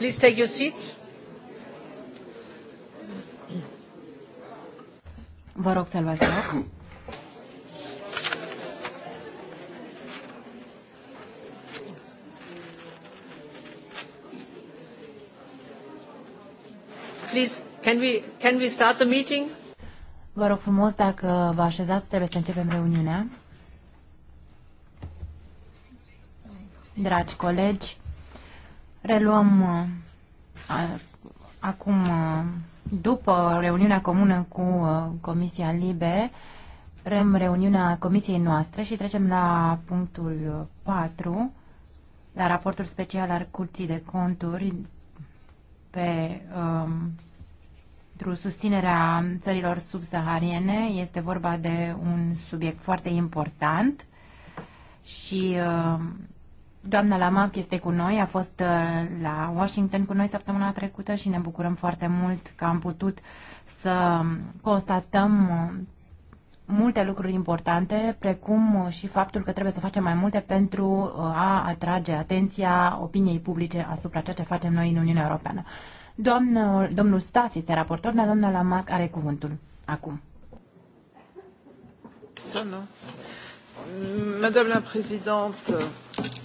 Please take your seats. Vă rog Please, can we, can we start the meeting? Vă rog frumos, dacă vă așezați, trebuie să începem reuniunea. Dragi colegi, Reluăm uh, acum, uh, după reuniunea comună cu uh, Comisia Libe, rem reuniunea comisiei noastre și trecem la punctul 4, la raportul special al Curții de Conturi pe uh, pentru susținerea țărilor subsahariene. Este vorba de un subiect foarte important și uh, Doamna Lamarck este cu noi, a fost uh, la Washington cu noi săptămâna trecută și ne bucurăm foarte mult că am putut să constatăm uh, multe lucruri importante, precum uh, și faptul că trebuie să facem mai multe pentru a atrage atenția opiniei publice asupra ceea ce facem noi în Uniunea Europeană. Doamnă, domnul Stas este raportor, dar doamna Lamarck are cuvântul acum. Să nu. Madame la Présidente,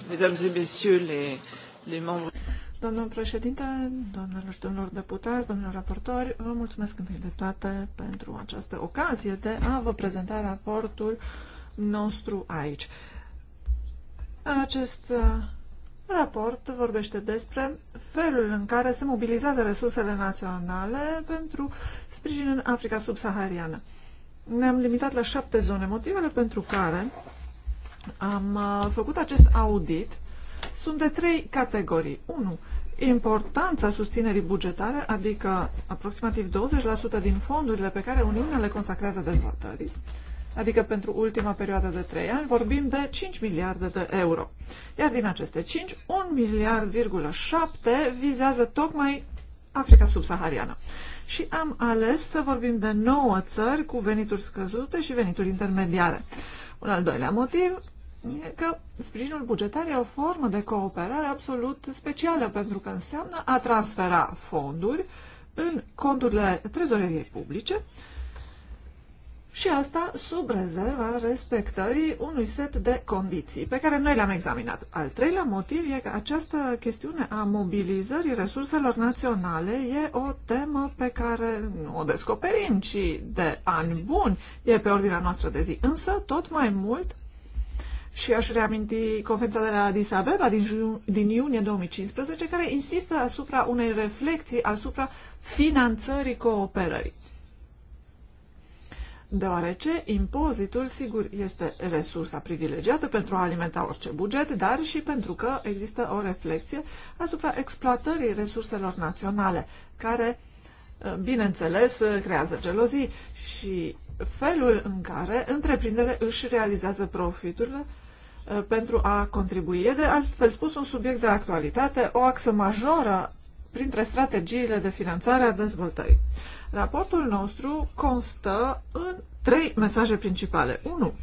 Mesdames et messieurs les, les membres. Domnul președinte, domnilor și domnilor deputați, domnilor raportori, vă mulțumesc întâi de toate pentru această ocazie de a vă prezenta raportul nostru aici. Acest uh, raport vorbește despre felul în care se mobilizează resursele naționale pentru sprijin în Africa subsahariană. Ne-am limitat la șapte zone, motivele pentru care am uh, făcut acest audit. Sunt de trei categorii. 1. Importanța susținerii bugetare, adică aproximativ 20% din fondurile pe care Uniunea le consacrează dezvoltării, adică pentru ultima perioadă de 3 ani, vorbim de 5 miliarde de euro. Iar din aceste 5, 1 miliard,7 vizează tocmai Africa subsahariană. Și am ales să vorbim de 9 țări cu venituri scăzute și venituri intermediare. Un al doilea motiv, e că sprijinul bugetar e o formă de cooperare absolut specială, pentru că înseamnă a transfera fonduri în conturile trezoreriei publice și asta sub rezerva respectării unui set de condiții pe care noi le-am examinat. Al treilea motiv e că această chestiune a mobilizării resurselor naționale e o temă pe care nu o descoperim, ci de ani buni e pe ordinea noastră de zi. Însă, tot mai mult și aș reaminti conferința de la Addis Abeba din, ju- din iunie 2015, care insistă asupra unei reflexii asupra finanțării cooperării. Deoarece impozitul, sigur, este resursa privilegiată pentru a alimenta orice buget, dar și pentru că există o reflexie asupra exploatării resurselor naționale, care, eh, bineînțeles, eh, creează gelozii și felul în care întreprinderile își realizează profiturile Uh, pentru a contribui. E de altfel spus un subiect de actualitate, o axă majoră printre strategiile de finanțare a dezvoltării. Raportul nostru constă în trei mesaje principale. 1.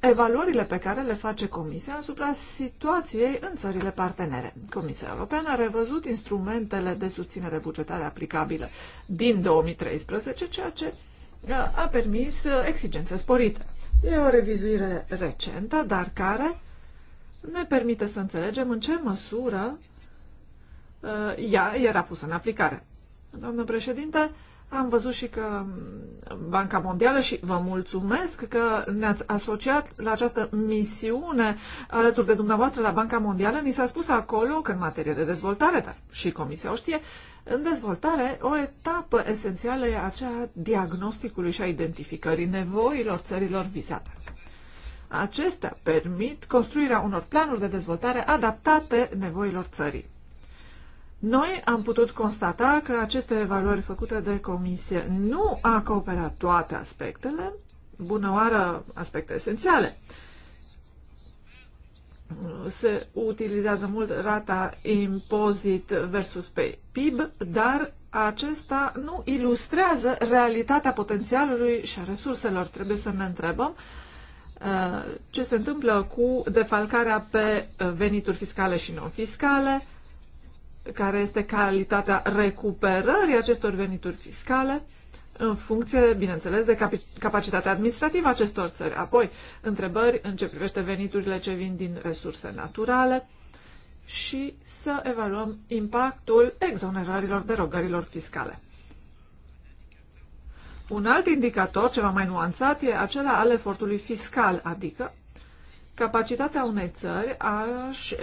Evaluările pe care le face Comisia asupra situației în țările partenere. Comisia Europeană a revăzut instrumentele de susținere bugetară aplicabile din 2013, ceea ce uh, a permis uh, exigențe sporite. E o revizuire recentă, dar care ne permite să înțelegem în ce măsură uh, ea era pusă în aplicare. Doamnă președinte, am văzut și că Banca Mondială și vă mulțumesc că ne-ați asociat la această misiune alături de dumneavoastră la Banca Mondială. Ni s-a spus acolo că în materie de dezvoltare, dar și Comisia o știe, în dezvoltare, o etapă esențială e aceea a diagnosticului și a identificării nevoilor țărilor vizate. Acestea permit construirea unor planuri de dezvoltare adaptate nevoilor țării. Noi am putut constata că aceste evaluări făcute de comisie nu acoperă toate aspectele, bună oară aspecte esențiale, se utilizează mult rata impozit versus pe PIB, dar acesta nu ilustrează realitatea potențialului și a resurselor. Trebuie să ne întrebăm uh, ce se întâmplă cu defalcarea pe venituri fiscale și non-fiscale, care este calitatea recuperării acestor venituri fiscale în funcție, bineînțeles, de capacitatea administrativă a acestor țări. Apoi, întrebări în ce privește veniturile ce vin din resurse naturale și să evaluăm impactul exonerărilor derogărilor fiscale. Un alt indicator, ceva mai nuanțat, e acela al efortului fiscal, adică capacitatea unei țări a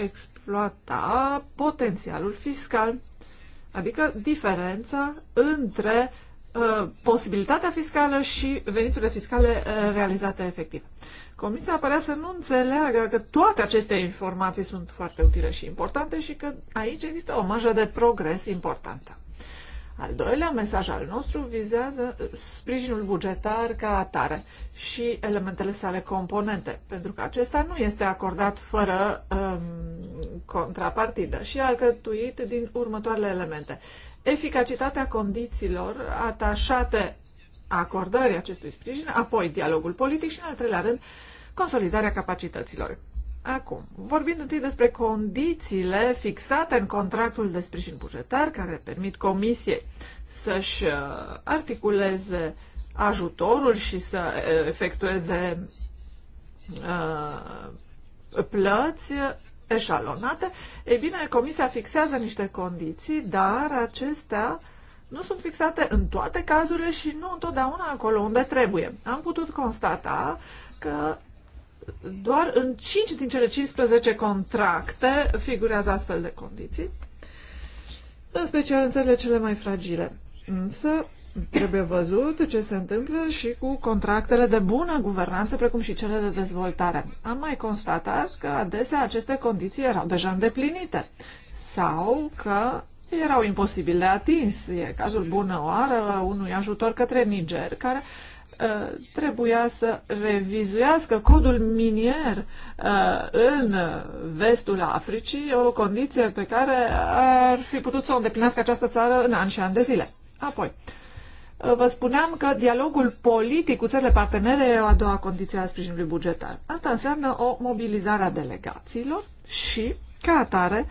exploata potențialul fiscal, adică diferența între Uh, posibilitatea fiscală și veniturile fiscale uh, realizate efectiv. Comisia părea să nu înțeleagă că toate aceste informații sunt foarte utile și importante și că aici există o marjă de progres importantă. Al doilea mesaj al nostru vizează uh, sprijinul bugetar ca atare și elementele sale componente, pentru că acesta nu este acordat fără um, contrapartidă și alcătuit din următoarele elemente eficacitatea condițiilor atașate acordării acestui sprijin, apoi dialogul politic și, în al treilea rând, consolidarea capacităților. Acum, vorbind întâi despre condițiile fixate în contractul de sprijin bugetar, care permit Comisiei să-și uh, articuleze ajutorul și să uh, efectueze uh, plăți, eșalonate, e bine, Comisia fixează niște condiții, dar acestea nu sunt fixate în toate cazurile și nu întotdeauna acolo unde trebuie. Am putut constata că doar în 5 din cele 15 contracte figurează astfel de condiții, în special în țările cele mai fragile. Însă, Trebuie văzut ce se întâmplă și cu contractele de bună guvernanță, precum și cele de dezvoltare. Am mai constatat că adesea aceste condiții erau deja îndeplinite sau că erau imposibile de atins. E cazul bună oară unui ajutor către Niger, care uh, trebuia să revizuiască codul minier uh, în vestul Africii, o condiție pe care ar fi putut să o îndeplinească această țară în ani și ani de zile. Apoi, uh, Uh, vă spuneam că dialogul politic cu țările partenere e o a doua condiție a sprijinului bugetar. Asta înseamnă o mobilizare a delegațiilor și, ca atare,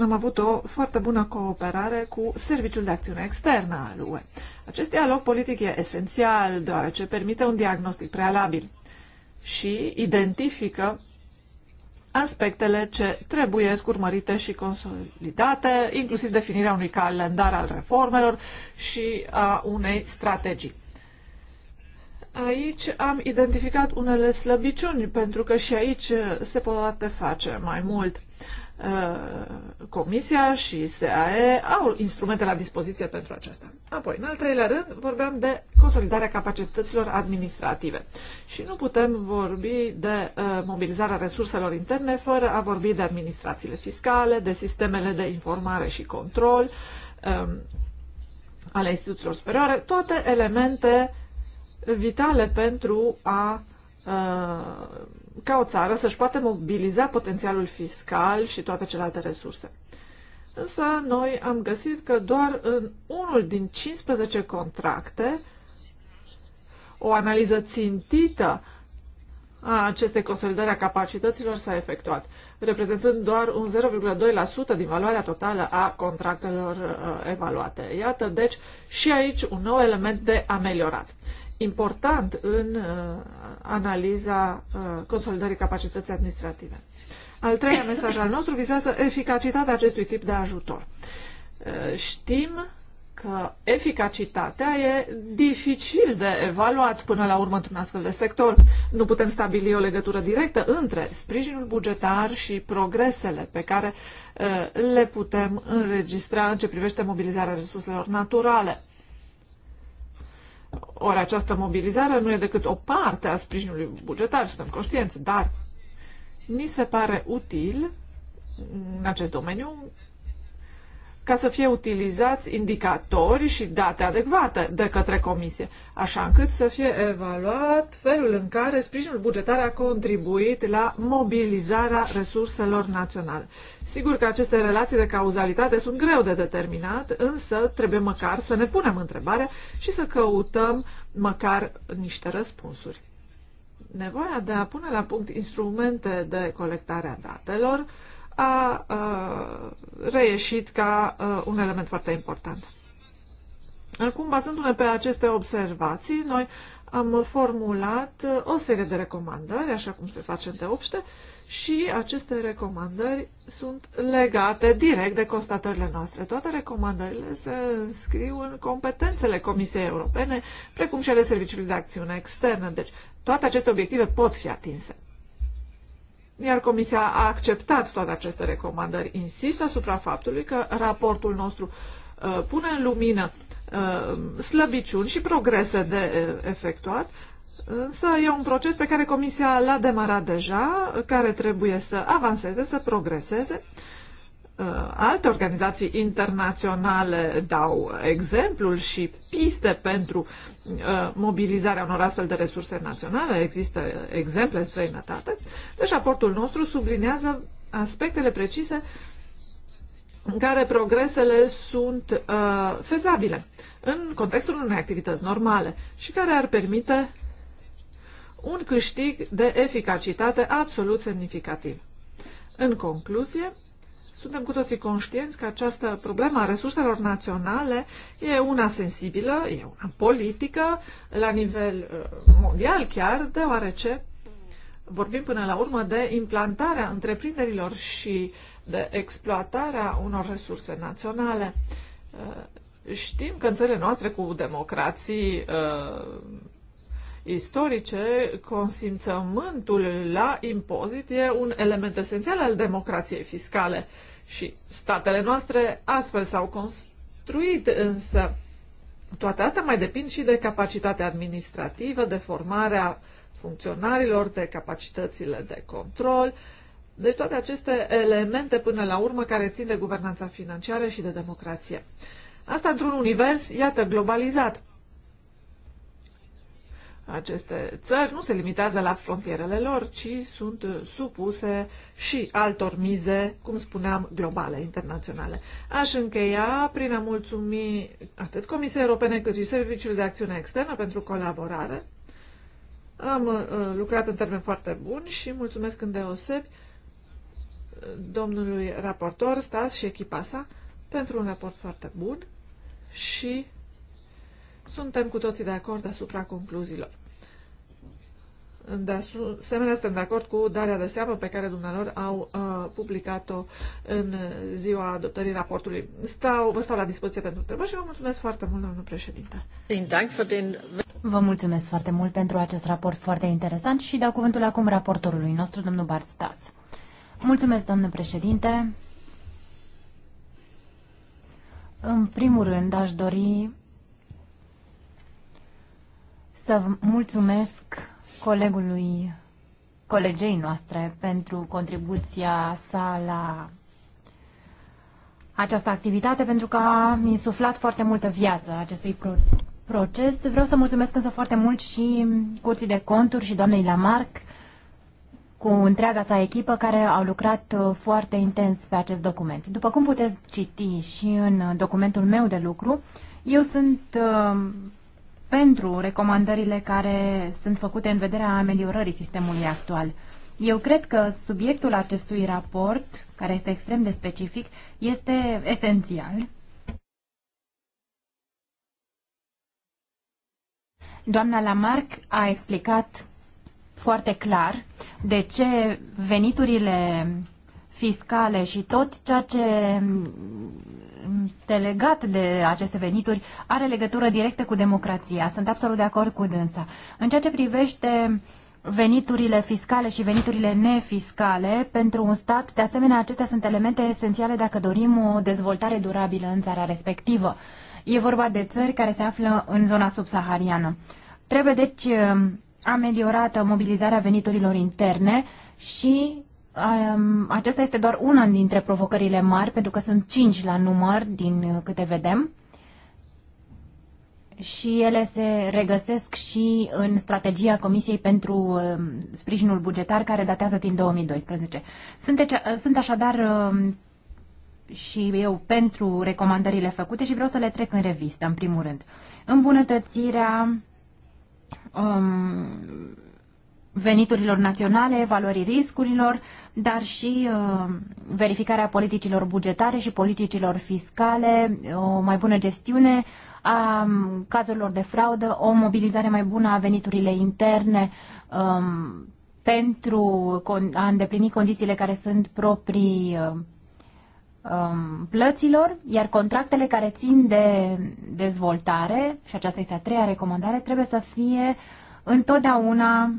am avut o foarte bună cooperare cu Serviciul de Acțiune Externă al UE. Acest dialog politic e esențial, deoarece permite un diagnostic prealabil și identifică aspectele ce trebuie urmărite și consolidate, inclusiv definirea unui calendar al reformelor și a unei strategii. Aici am identificat unele slăbiciuni, pentru că și aici se poate face mai mult. Uh, Comisia și SAE au instrumente la dispoziție pentru aceasta. Apoi, în al treilea rând, vorbeam de consolidarea capacităților administrative. Și nu putem vorbi de uh, mobilizarea resurselor interne fără a vorbi de administrațiile fiscale, de sistemele de informare și control um, ale instituțiilor superioare, toate elemente vitale pentru a uh, ca o țară să-și poată mobiliza potențialul fiscal și toate celelalte resurse. Însă noi am găsit că doar în unul din 15 contracte o analiză țintită a acestei consolidări a capacităților s-a efectuat, reprezentând doar un 0,2% din valoarea totală a contractelor uh, evaluate. Iată, deci, și aici un nou element de ameliorat important în uh, analiza uh, consolidării capacității administrative. Al treilea mesaj al nostru vizează eficacitatea acestui tip de ajutor. Uh, știm că eficacitatea e dificil de evaluat până la urmă într-un astfel de sector. Nu putem stabili o legătură directă între sprijinul bugetar și progresele pe care uh, le putem înregistra în ce privește mobilizarea resurselor naturale. Ori această mobilizare nu e decât o parte a sprijinului bugetar, suntem conștienți, dar ni se pare util în acest domeniu ca să fie utilizați indicatori și date adecvate de către comisie, așa încât să fie evaluat felul în care sprijinul bugetar a contribuit la mobilizarea resurselor naționale. Sigur că aceste relații de cauzalitate sunt greu de determinat, însă trebuie măcar să ne punem întrebarea și să căutăm măcar niște răspunsuri. Nevoia de a pune la punct instrumente de colectare a datelor, a reieșit ca un element foarte important. Acum, bazându-ne pe aceste observații, noi am formulat uh, o serie de recomandări, așa cum se face de obște, și aceste recomandări sunt legate direct de constatările noastre. Toate recomandările se înscriu în competențele Comisiei Europene, precum și ale Serviciului de Acțiune Externă. Deci, toate aceste obiective pot fi atinse iar Comisia a acceptat toate aceste recomandări. Insist asupra faptului că raportul nostru uh, pune în lumină uh, slăbiciuni și progrese de uh, efectuat, însă e un proces pe care Comisia l-a demarat deja, care trebuie să avanseze, să progreseze. Uh, alte organizații internaționale dau exemplul și piste pentru uh, mobilizarea unor astfel de resurse naționale. Există exemple în străinătate. Deci raportul nostru sublinează aspectele precise în care progresele sunt uh, fezabile în contextul unei activități normale și care ar permite un câștig de eficacitate absolut semnificativ. În concluzie, suntem cu toții conștienți că această problemă a resurselor naționale e una sensibilă, e una politică, la nivel uh, mondial chiar, deoarece vorbim până la urmă de implantarea întreprinderilor și de exploatarea unor resurse naționale. Uh, știm că în țările noastre cu democrații uh, istorice, consimțământul la impozit e un element esențial al democrației fiscale și statele noastre astfel s-au construit, însă toate astea mai depind și de capacitatea administrativă, de formarea funcționarilor, de capacitățile de control, deci toate aceste elemente până la urmă care țin de guvernanța financiară și de democrație. Asta într-un univers, iată, globalizat. Aceste țări nu se limitează la frontierele lor, ci sunt supuse și altor mize, cum spuneam, globale, internaționale. Aș încheia prin a mulțumi atât Comisiei Europene cât și Serviciul de Acțiune Externă pentru colaborare. Am uh, lucrat în termeni foarte buni și mulțumesc îndeosebi domnului raportor Stas și echipa sa pentru un raport foarte bun și suntem cu toții de acord asupra concluziilor. De da, asemenea, suntem de acord cu darea de seamă pe care dumnealor au uh, publicat-o în ziua adoptării raportului. Stau, vă stau la dispoziție pentru întrebări și vă mulțumesc foarte mult, domnul președinte. Vă mulțumesc foarte mult pentru acest raport foarte interesant și dau cuvântul acum raportorului nostru, domnul Bart Stas. Mulțumesc, domnule președinte. În primul rând, aș dori să mulțumesc colegului, colegei noastre pentru contribuția sa la această activitate, pentru că a insuflat foarte multă viață acestui pro proces. Vreau să mulțumesc însă foarte mult și Curții de Conturi și doamnei Lamarck cu întreaga sa echipă care au lucrat uh, foarte intens pe acest document. După cum puteți citi și în documentul meu de lucru, eu sunt uh, pentru recomandările care sunt făcute în vederea ameliorării sistemului actual. Eu cred că subiectul acestui raport, care este extrem de specific, este esențial. Doamna Lamarck a explicat foarte clar de ce veniturile fiscale și tot ceea ce legat de aceste venituri are legătură directă cu democrația. Sunt absolut de acord cu dânsa. În ceea ce privește veniturile fiscale și veniturile nefiscale pentru un stat, de asemenea, acestea sunt elemente esențiale dacă dorim o dezvoltare durabilă în țara respectivă. E vorba de țări care se află în zona subsahariană. Trebuie deci eh, ameliorată mobilizarea veniturilor interne și aceasta este doar una dintre provocările mari, pentru că sunt cinci la număr din câte vedem și ele se regăsesc și în strategia Comisiei pentru um, sprijinul bugetar care datează din 2012. Sunteți, sunt așadar um, și eu pentru recomandările făcute și vreau să le trec în revistă, în primul rând. Îmbunătățirea um, veniturilor naționale, valorii riscurilor, dar și uh, verificarea politicilor bugetare și politicilor fiscale, o mai bună gestiune a um, cazurilor de fraudă, o mobilizare mai bună a veniturile interne um, pentru a îndeplini condițiile care sunt proprii uh, um, plăților, iar contractele care țin de dezvoltare, și aceasta este a treia recomandare, trebuie să fie întotdeauna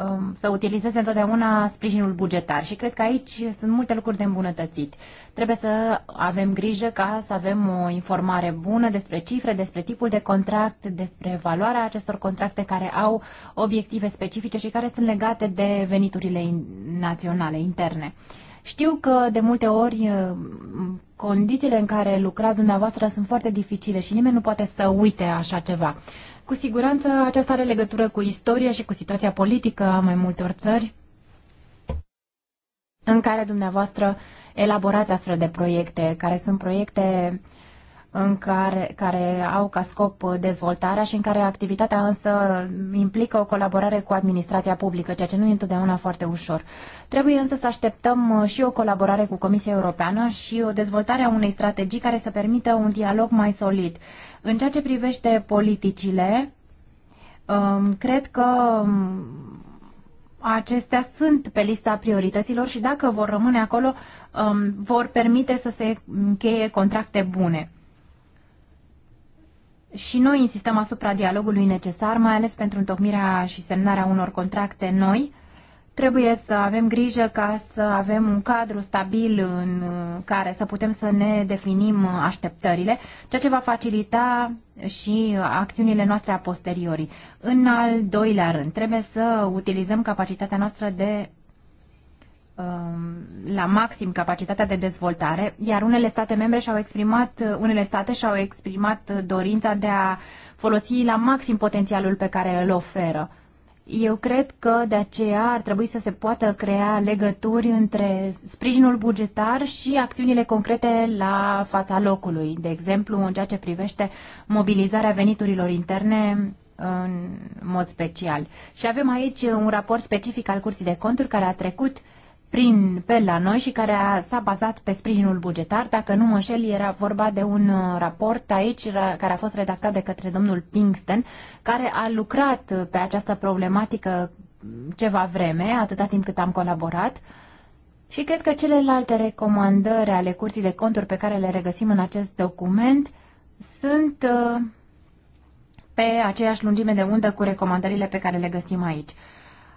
Um, să utilizeze întotdeauna sprijinul bugetar și cred că aici sunt multe lucruri de îmbunătățit. Trebuie să avem grijă ca să avem o informare bună despre cifre, despre tipul de contract, despre valoarea acestor contracte care au obiective specifice și care sunt legate de veniturile naționale, interne. Știu că de multe ori uh, condițiile în care lucrați dumneavoastră sunt foarte dificile și nimeni nu poate să uite așa ceva. Cu siguranță aceasta are legătură cu istoria și cu situația politică a mai multor țări în care dumneavoastră elaborați astfel de proiecte, care sunt proiecte uh, în care, care au ca scop dezvoltarea și în care activitatea însă implică o colaborare cu administrația publică, ceea ce nu e întotdeauna foarte ușor. Trebuie însă să așteptăm uh, și o colaborare cu Comisia Europeană și o dezvoltare a unei strategii care să permită un dialog mai solid. În ceea ce privește politicile, um, cred că um, acestea sunt pe lista priorităților și dacă vor rămâne acolo, um, vor permite să se încheie contracte bune. Și noi insistăm asupra dialogului necesar, mai ales pentru întocmirea și semnarea unor contracte noi. Trebuie să avem grijă ca să avem un cadru stabil în uh, care să putem să ne definim uh, așteptările, ceea ce va facilita și uh, acțiunile noastre a posteriori. În al doilea rând, trebuie să utilizăm capacitatea noastră de Um, la maxim capacitatea de dezvoltare, iar unele state membre și-au exprimat, uh, unele state și-au exprimat uh, dorința de a folosi la maxim potențialul pe care îl oferă. Eu cred că de aceea ar trebui să se poată crea legături între sprijinul bugetar și acțiunile concrete la fața locului, de exemplu în ceea ce privește mobilizarea veniturilor interne în mod special. Și avem aici un raport specific al Curții de Conturi care a trecut uh, prin pe la noi și care s-a bazat pe sprijinul bugetar. Dacă nu mă înșel, era vorba de un uh, raport aici care a fost redactat de către domnul Pinkston, care a lucrat pe această problematică ceva vreme, atâta timp cât am colaborat. Și cred că celelalte recomandări ale curții de conturi pe care le regăsim în acest document sunt uh, pe aceeași lungime de undă cu recomandările pe care le găsim aici.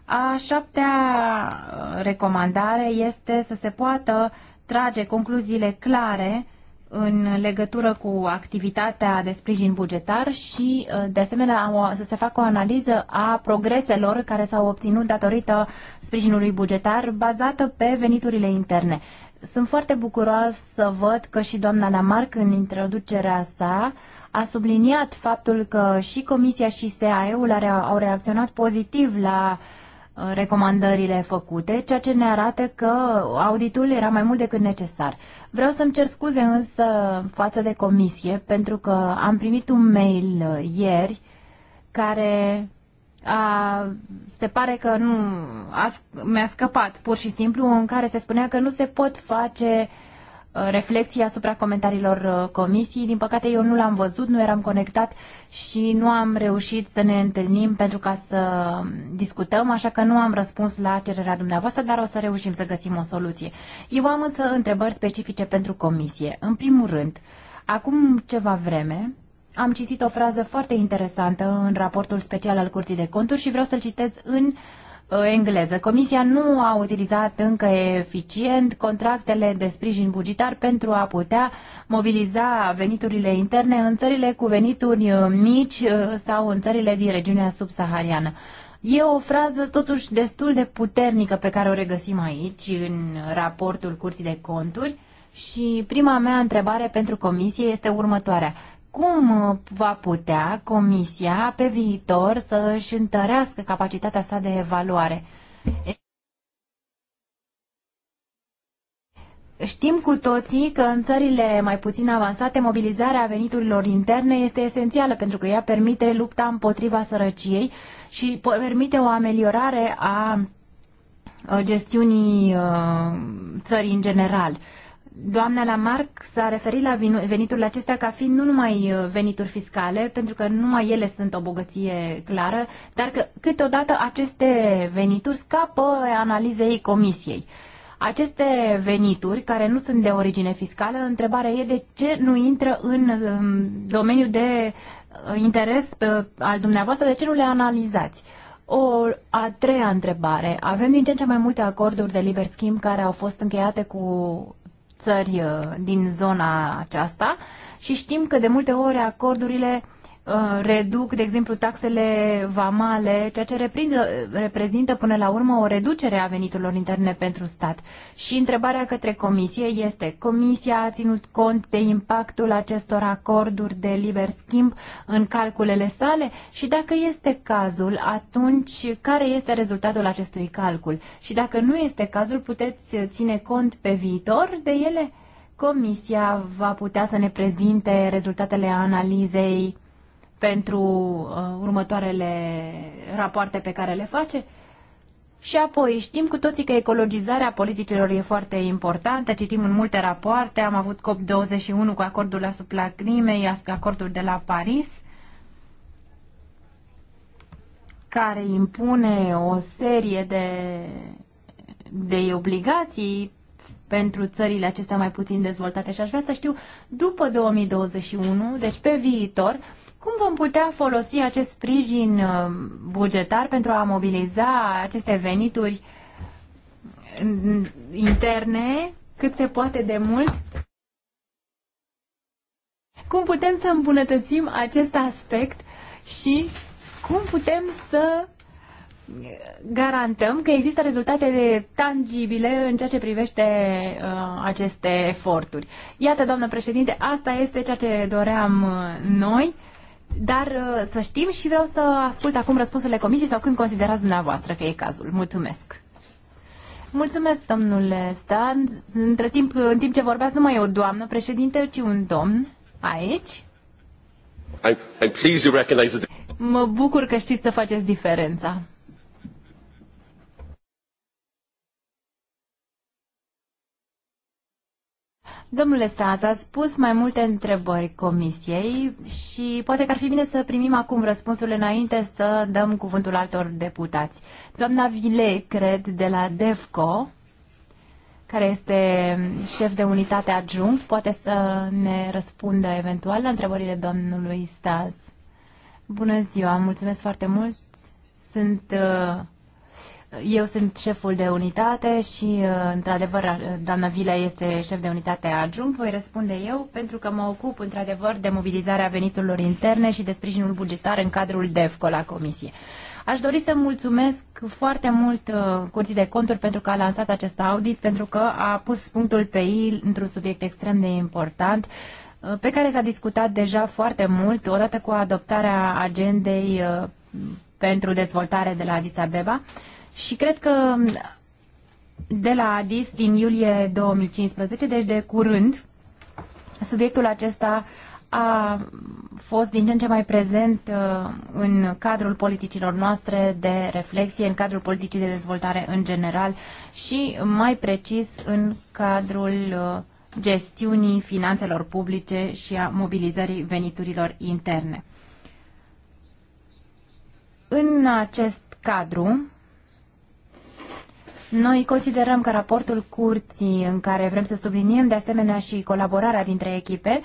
A șaptea uh, recomandare este să se poată trage concluziile clare în legătură cu activitatea de sprijin bugetar și, uh, de asemenea, să se facă o analiză a progreselor care s-au obținut datorită sprijinului bugetar bazată pe veniturile interne. Sunt foarte bucuros să văd că și doamna Lamarck, în introducerea sa, a subliniat faptul că și Comisia și SAE-ul au reacționat pozitiv la uh, recomandările făcute, ceea ce ne arată că auditul era mai mult decât necesar. Vreau să-mi cer scuze însă față de comisie, pentru că am primit un mail uh, ieri care a, se pare că nu a, mi-a scăpat pur și simplu, în care se spunea că nu se pot face uh, reflexii asupra comentariilor uh, comisiei. Din păcate eu nu l-am văzut, nu eram conectat și nu am reușit să ne întâlnim pentru ca să discutăm, așa că nu am răspuns la cererea dumneavoastră, dar o să reușim să găsim o soluție. Eu am însă întrebări specifice pentru comisie. În primul rând, acum ceva vreme am citit o frază foarte interesantă în raportul special al Curții de Conturi și vreau să-l citez în uh, Uh, engleză. Comisia nu a utilizat încă eficient contractele de sprijin bugetar pentru a putea mobiliza veniturile interne în țările cu venituri uh, mici uh, sau în țările din regiunea subsahariană. E o frază totuși destul de puternică pe care o regăsim aici în raportul Curții de Conturi și prima mea întrebare pentru comisie este următoarea cum uh, va putea Comisia pe viitor să își întărească capacitatea sa de evaluare? Știm cu toții că în țările mai puțin avansate mobilizarea veniturilor interne este esențială pentru că ea permite lupta împotriva sărăciei și permite o ameliorare a uh, gestiunii uh, țării în general doamna Lamarck s-a referit la veniturile acestea ca fiind nu numai uh, venituri fiscale, pentru că numai ele sunt o bogăție clară, dar că câteodată aceste venituri scapă analizei comisiei. Aceste venituri, care nu sunt de origine fiscală, întrebarea e de ce nu intră în um, domeniul de uh, interes uh, al dumneavoastră, de ce nu le analizați? O a treia întrebare. Avem din ce în ce mai multe acorduri de liber schimb care au fost încheiate cu țări uh, din zona aceasta și știm că de multe ori acordurile Uh, reduc, de exemplu, taxele vamale, ceea ce reprezintă până la urmă o reducere a veniturilor interne pentru stat. Și întrebarea către Comisie este, Comisia a ținut cont de impactul acestor acorduri de liber schimb în calculele sale și dacă este cazul, atunci care este rezultatul acestui calcul? Și dacă nu este cazul, puteți ține cont pe viitor de ele? Comisia va putea să ne prezinte rezultatele analizei pentru uh, următoarele rapoarte pe care le face. Și apoi știm cu toții că ecologizarea politicilor e foarte importantă, citim în multe rapoarte, am avut COP21 cu acordul asupra climei, acordul de la Paris, care impune o serie de, de obligații pentru țările acestea mai puțin dezvoltate și aș vrea să știu după 2021, deci pe viitor, uh, cum vom putea folosi acest sprijin uh, bugetar pentru a mobiliza aceste venituri mm, interne cât se poate de mult? Cum putem să îmbunătățim acest aspect și cum putem să uh, garantăm că există rezultate tangibile în ceea ce privește uh, aceste eforturi. Iată, doamnă președinte, asta este ceea ce doream uh, noi dar uh, să știm și vreau să ascult acum răspunsurile comisiei sau când considerați dumneavoastră că e cazul. Mulțumesc! Mulțumesc, domnule Stan. Între timp, în timp ce vorbeați, nu mai e o doamnă președinte, ci un domn aici. I'm, I'm pleased you recognize the... Mă bucur că știți să faceți diferența. Domnule Staț, ați spus mai multe întrebări comisiei și poate că ar fi bine să primim acum răspunsurile înainte să dăm cuvântul altor deputați. Doamna Vile, cred, de la DEVCO, care este șef de unitate adjunct, poate să ne răspundă eventual la întrebările domnului Stas. Bună ziua, mulțumesc foarte mult. Sunt uh, eu sunt șeful de unitate și, uh, într-adevăr, uh, doamna Vila este șef de unitate adjunct. Voi răspunde eu pentru că mă ocup, într-adevăr, de mobilizarea veniturilor interne și de sprijinul bugetar în cadrul DEFCO la Comisie. Aș dori să mulțumesc foarte mult uh, Curții de Conturi pentru că a lansat acest audit, pentru că a pus punctul pe ei într-un subiect extrem de important pe care s-a discutat deja foarte mult odată cu adoptarea agendei pentru dezvoltare de la Addis Abeba și cred că de la ADIS din iulie 2015, deci de curând, subiectul acesta a fost din ce în ce mai prezent uh, în cadrul politicilor noastre de reflexie, în cadrul politicii de dezvoltare în general și mai precis în cadrul uh, gestiunii finanțelor publice și a mobilizării veniturilor interne. În acest cadru, noi considerăm că raportul curții, în care vrem să subliniem de asemenea și colaborarea dintre echipe,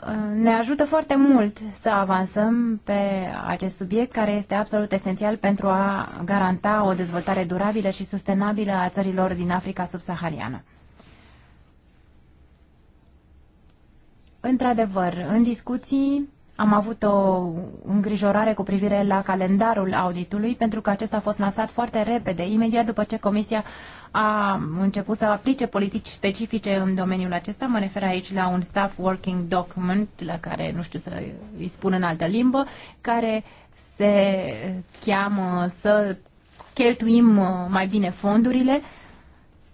uh, ne ajută foarte mult să avansăm pe acest subiect care este absolut esențial pentru a garanta o dezvoltare durabilă și sustenabilă a țărilor din Africa subsahariană. Într-adevăr, în discuții am avut o îngrijorare cu privire la calendarul auditului, pentru că acesta a fost lansat foarte repede, imediat după ce Comisia a început să aplice politici specifice în domeniul acesta. Mă refer aici la un staff working document, la care nu știu să îi spun în altă limbă, care se cheamă să cheltuim uh, mai bine fondurile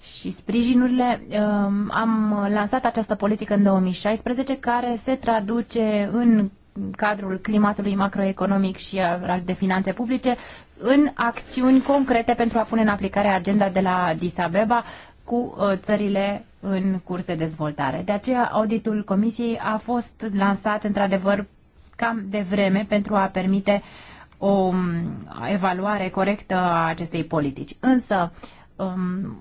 și sprijinurile. Um, am lansat această politică în 2016 care se traduce în cadrul climatului macroeconomic și de finanțe publice în acțiuni concrete pentru a pune în aplicare agenda de la Addis Abeba cu uh, țările în curs de dezvoltare. De aceea, auditul Comisiei a fost lansat într-adevăr cam de vreme pentru a permite o um, evaluare corectă a acestei politici. Însă, um,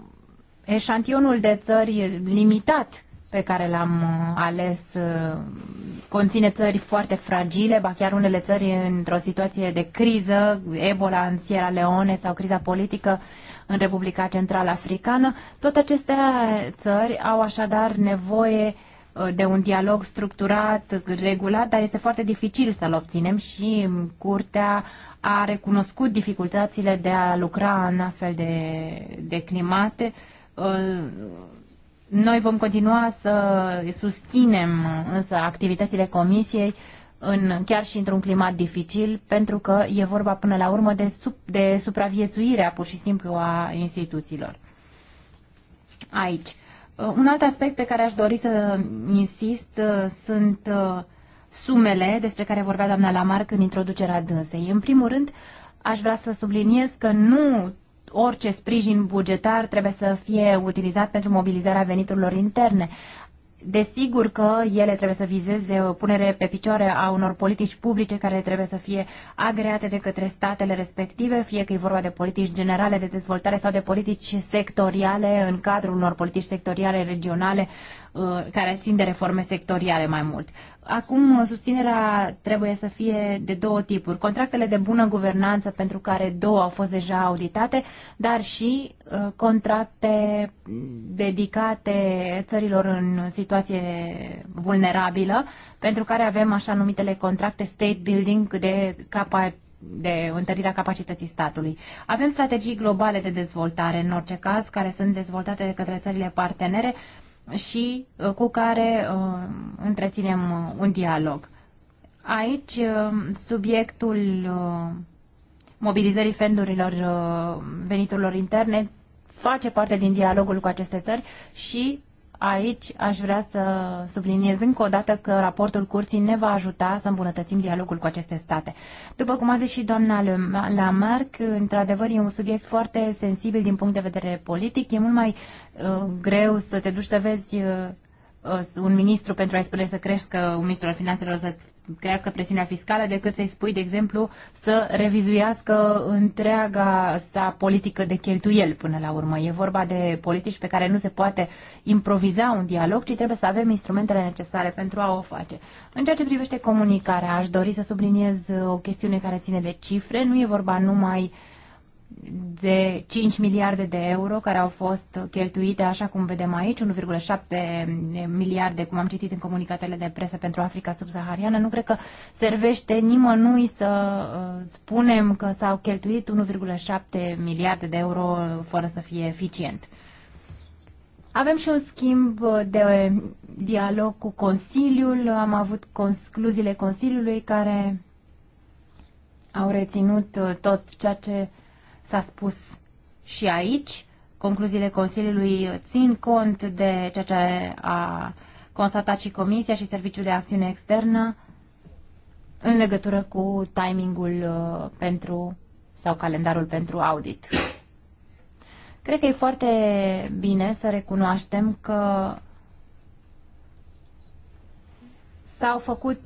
eșantionul de țări limitat pe care l-am uh, ales uh, conține țări foarte fragile, ba chiar unele țări într-o situație de criză, Ebola în Sierra Leone sau criza politică în Republica Central Africană. Toate aceste țări au așadar nevoie uh, de un dialog structurat, regulat, dar este foarte dificil să-l obținem și Curtea a recunoscut dificultățile de a lucra în astfel de, de climate noi vom continua să susținem însă activitățile comisiei în, chiar și într-un climat dificil, pentru că e vorba până la urmă de, sub, de supraviețuirea pur și simplu a instituțiilor. Aici. Un alt aspect pe care aș dori să insist uh, sunt uh, sumele despre care vorbea doamna Lamarck în introducerea dânsei. În primul rând, aș vrea să subliniez că nu orice sprijin bugetar trebuie să fie utilizat pentru mobilizarea veniturilor interne. Desigur că ele trebuie să vizeze o punere pe picioare a unor politici publice care trebuie să fie agreate de către statele respective, fie că e vorba de politici generale de dezvoltare sau de politici sectoriale în cadrul unor politici sectoriale regionale Uh, care țin de reforme sectoriale mai mult. Acum, uh, susținerea trebuie să fie de două tipuri. Contractele de bună guvernanță, pentru care două au fost deja auditate, dar și uh, contracte dedicate țărilor în situație vulnerabilă, pentru care avem așa numitele contracte state building de capacitate de întărirea capacității statului. Avem strategii globale de dezvoltare, în orice caz, care sunt dezvoltate de către țările partenere și uh, cu care uh, întreținem uh, un dialog. Aici subiectul mobilizării fendurilor veniturilor interne face parte din dialogul cu aceste țări și Aici aș vrea să subliniez încă o dată că raportul curții ne va ajuta să îmbunătățim dialogul cu aceste state. După cum a zis și doamna Lamarck, într-adevăr e un subiect foarte sensibil din punct de vedere politic. E mult mai uh, greu să te duci să vezi uh, uh un ministru pentru a-i spune să crești, că un ministru al finanțelor să crească presiunea fiscală decât să-i spui, de exemplu, să revizuiască întreaga sa politică de cheltuiel până la urmă. E vorba de politici pe care nu se poate improviza un dialog, ci trebuie să avem instrumentele necesare pentru a o face. În ceea ce privește comunicarea, aș dori să subliniez o chestiune care ține de cifre. Nu e vorba numai de 5 miliarde de euro care au fost cheltuite, așa cum vedem aici, 1,7 miliarde, cum am citit în comunicatele de presă pentru Africa subsahariană. Nu cred că servește nimănui să uh, spunem că s-au cheltuit 1,7 miliarde de euro fără să fie eficient. Avem și un schimb de dialog cu Consiliul. Am avut concluziile Consiliului care au reținut tot ceea ce S-a spus și aici, concluziile Consiliului țin cont de ceea ce a constatat și Comisia și Serviciul de Acțiune Externă în legătură cu timingul uh, pentru sau calendarul pentru audit. Cred că e foarte bine să recunoaștem că s-au făcut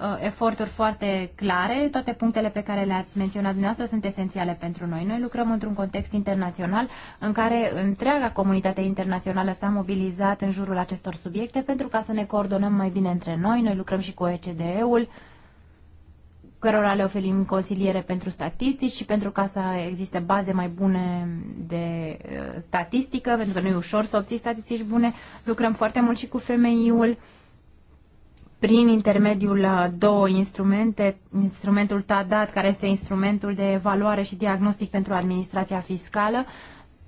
Uh, eforturi foarte clare. Toate punctele pe care le-ați menționat dumneavoastră sunt esențiale pentru noi. Noi lucrăm într-un context internațional în care întreaga comunitate internațională s-a mobilizat în jurul acestor subiecte pentru ca să ne coordonăm mai bine între noi. Noi lucrăm și cu OECD-ul cărora le oferim consiliere pentru statistici și pentru ca să existe baze mai bune de uh, statistică, pentru că nu e ușor să obții statistici bune. Lucrăm foarte mult și cu femeiul prin intermediul a uh, două instrumente, instrumentul TADAT, care este instrumentul de evaluare și diagnostic pentru administrația fiscală,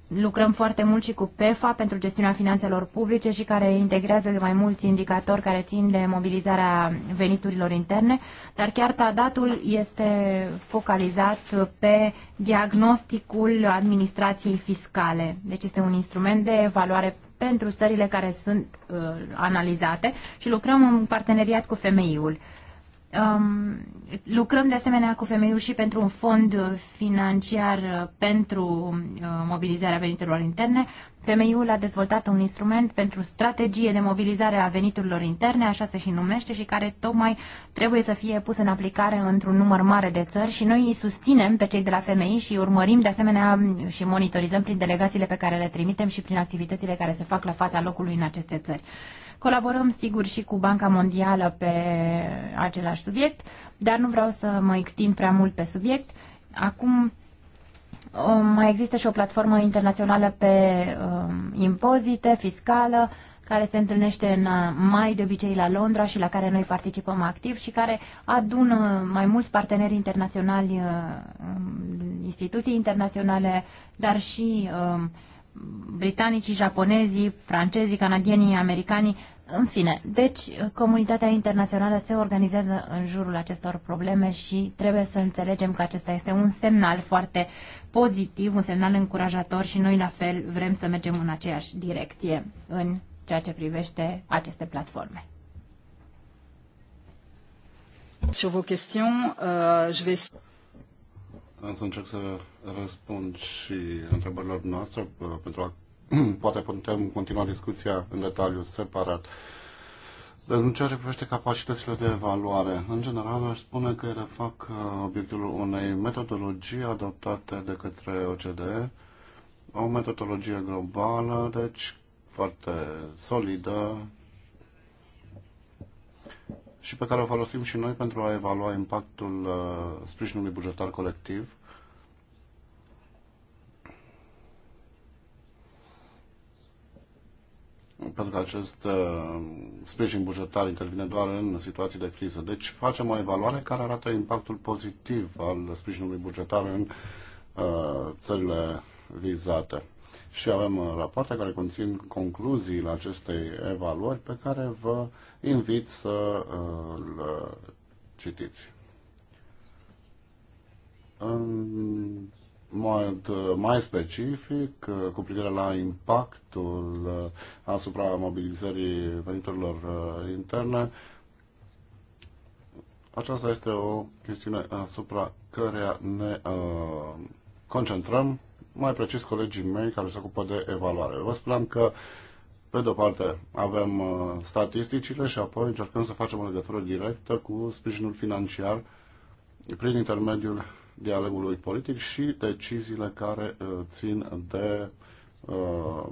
lucrăm foarte mult și cu PEFA pentru gestiunea finanțelor publice și care integrează mai mulți indicatori care țin de mobilizarea veniturilor interne, dar chiar TADAT-ul este focalizat pe diagnosticul administrației fiscale. Deci este un instrument de evaluare pentru țările care sunt uh, analizate și lucrăm în parteneriat cu femeiul. Uh, Um, lucrăm de asemenea cu femeiul și pentru un fond financiar pentru uh, mobilizarea veniturilor interne. Femeiul a dezvoltat un instrument pentru strategie de mobilizare a veniturilor interne, așa se și numește, și care tocmai trebuie să fie pus în aplicare într-un număr mare de țări și noi îi susținem pe cei de la femei și urmărim de asemenea și monitorizăm prin delegațiile pe care le trimitem și prin activitățile care se fac la fața locului în aceste țări. Colaborăm, sigur, și cu Banca Mondială pe același subiect, dar nu vreau să mă extind prea mult pe subiect. Acum mai există și o platformă internațională pe um, impozite, fiscală, care se întâlnește în uh, mai de obicei la Londra și la care noi participăm activ și care adună mai mulți parteneri internaționali, uh, um, instituții internaționale, dar și uh, britanicii, japonezii, francezii, canadienii, americanii, în fine. Deci, comunitatea internațională se organizează în jurul acestor probleme și trebuie să înțelegem că acesta este un semnal foarte pozitiv, un semnal încurajator și noi la fel vrem să mergem în aceeași direcție în ceea ce privește aceste platforme. Sur vos questions, euh, je vais... Am să încerc răspund și întrebărilor noastre uh, pentru a poate putem continua discuția în detaliu separat. În ceea ce privește capacitățile de evaluare, în general aș spune că ele fac uh, obiectul unei metodologii adoptate de către OCDE, o metodologie globală, deci foarte solidă și pe care o folosim și noi pentru a evalua impactul uh, sprijinului bugetar colectiv pentru că acest uh, sprijin bugetar intervine doar în situații de criză. Deci facem o evaluare care arată impactul pozitiv al sprijinului bugetar în uh, țările vizate. Și avem uh, rapoarte care conțin concluziile acestei evaluări pe care vă invit să le citiți. În mai, uh, mai specific uh, cu privire la impactul uh, asupra mobilizării veniturilor interne. Aceasta este o chestiune asupra căreia ne uh, concentrăm, mai precis colegii mei care se ocupă de evaluare. Vă spuneam că, pe de-o parte, avem uh, statisticile și apoi încercăm să facem o legătură directă cu sprijinul financiar prin intermediul dialogului politic și deciziile care uh, țin de uh,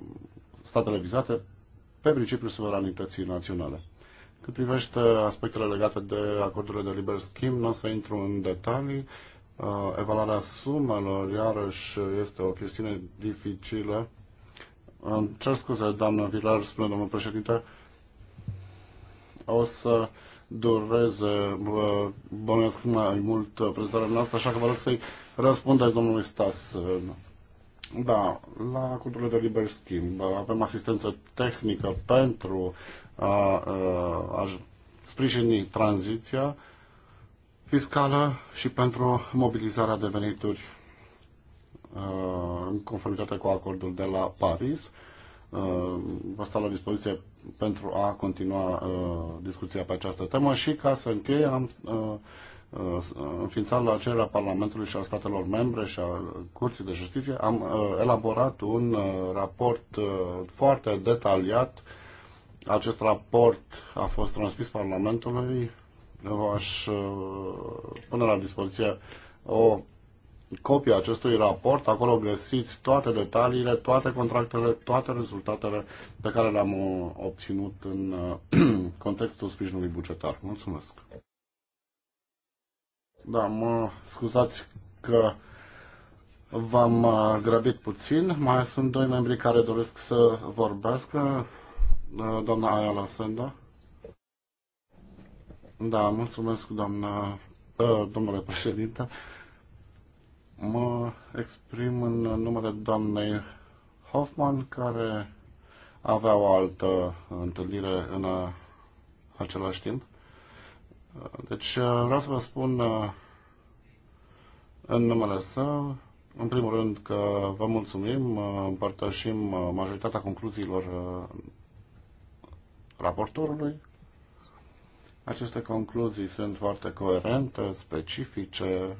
statele vizate pe principiul suveranității naționale. Cât privește aspectele legate de acordurile de liber schimb, nu o să intru în detalii. Uh, evaluarea sumelor, iarăși, este o chestiune dificilă. Îmi cer scuze, doamnă Vilar, spune domnul președinte. O să dureze, bănuiesc mai mult uh, prezentarea noastră, așa că vă rog să-i răspundeți domnului Stas. Uh, da, la culturile de liber schimb avem asistență tehnică pentru a, a, uh, a sprijini tranziția fiscală și pentru mobilizarea de venituri a, în conformitate cu acordul de la Paris. Uh, va sta la dispoziție pentru a continua uh, discuția pe această temă și ca să încheie am uh, înființat la cererea Parlamentului și a statelor membre și a Curții de Justiție, am elaborat un raport foarte detaliat. Acest raport a fost transmis Parlamentului. V-aș pune la dispoziție o copia acestui raport. Acolo găsiți toate detaliile, toate contractele, toate rezultatele pe care le-am uh, obținut în uh, contextul sprijinului bugetar. Mulțumesc! Da, mă scuzați că v-am uh, grăbit puțin. Mai sunt doi membri care doresc să vorbească. Doamna Aia Lasenda. Da, mulțumesc, doamna, domnule președinte. Mă exprim în numele doamnei Hoffman, care avea o altă întâlnire în uh, același timp. Deci uh, vreau să vă spun uh, în numele său, în primul rând că vă mulțumim, împărtășim majoritatea concluziilor raportorului. Aceste concluzii sunt foarte coerente, specifice,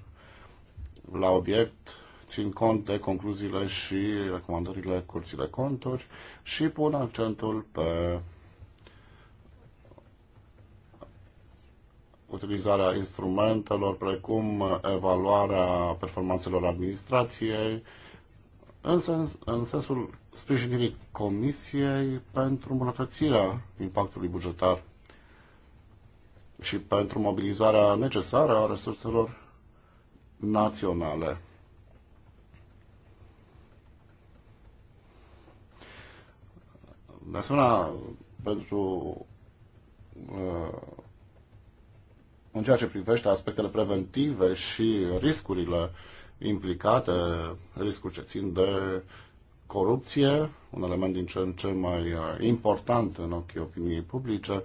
la obiect țin cont de concluziile și recomandările curții de conturi și pun accentul pe utilizarea instrumentelor precum evaluarea performanțelor administrației, în, sens, în sensul sprijinirii Comisiei pentru îmbunătățirea impactului bugetar și pentru mobilizarea necesară a resurselor naționale. De asemenea, pentru uh, în ceea ce privește aspectele preventive și riscurile implicate, riscuri ce țin de corupție, un element din ce în ce mai uh, important în ochii opiniei publice,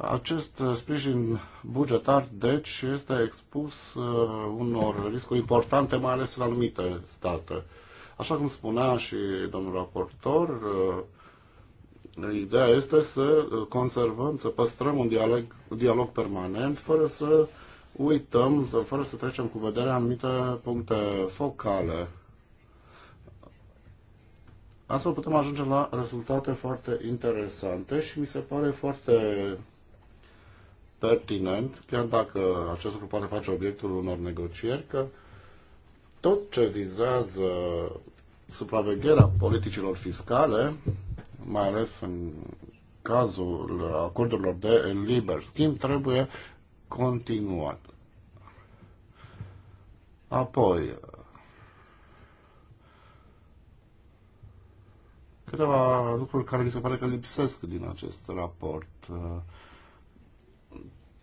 acest uh, sprijin bugetar, deci, este expus uh, unor riscuri importante, mai ales la anumite state. Așa cum spunea și domnul raportor, uh, ideea este să conservăm, să păstrăm un dialog, un dialog permanent, fără să uităm, fără să trecem cu vederea anumite puncte focale. Astfel putem ajunge la rezultate foarte interesante și mi se pare foarte pertinent, chiar dacă acest lucru poate face obiectul unor negocieri, că tot ce vizează supravegherea politicilor fiscale, mai ales în cazul acordurilor de liber schimb, trebuie continuat. Apoi, câteva lucruri care mi se pare că lipsesc din acest raport. Uh,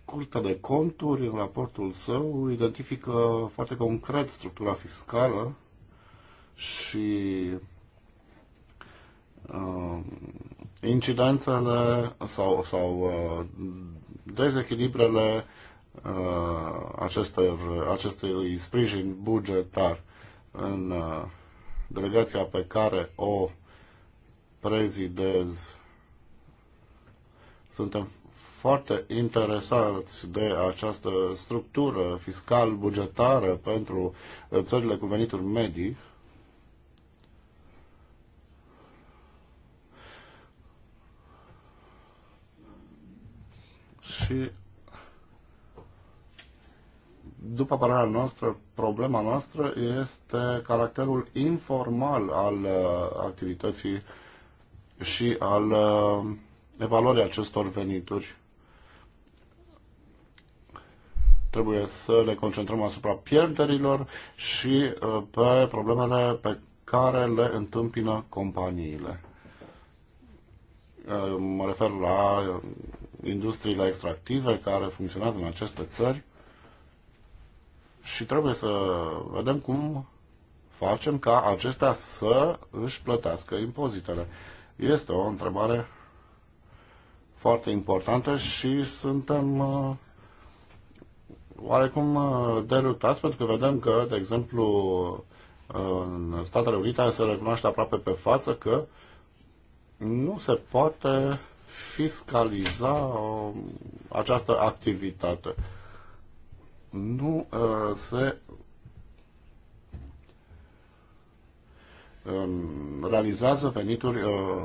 Curtea de conturi, în raportul său, identifică foarte concret structura fiscală și uh, incidențele sau, sau uh, dezechilibrele uh, acestor, acestui sprijin bugetar în uh, delegația pe care o prezidez. Suntem foarte interesați de această structură fiscal-bugetară pentru uh, țările cu venituri medii. Și după părerea noastră, problema noastră este caracterul informal al uh, activității și al uh, evaluării acestor venituri. trebuie să le concentrăm asupra pierderilor și uh, pe problemele pe care le întâmpină companiile. Uh, mă refer la uh, industriile extractive care funcționează în aceste țări și trebuie să vedem cum facem ca acestea să își plătească impozitele. Este o întrebare foarte importantă și suntem oarecum uh, derutați, pentru că vedem că, de exemplu, uh, în Statele Unite se recunoaște aproape pe față că nu se poate fiscaliza uh, această activitate. Nu se um, realizează venituri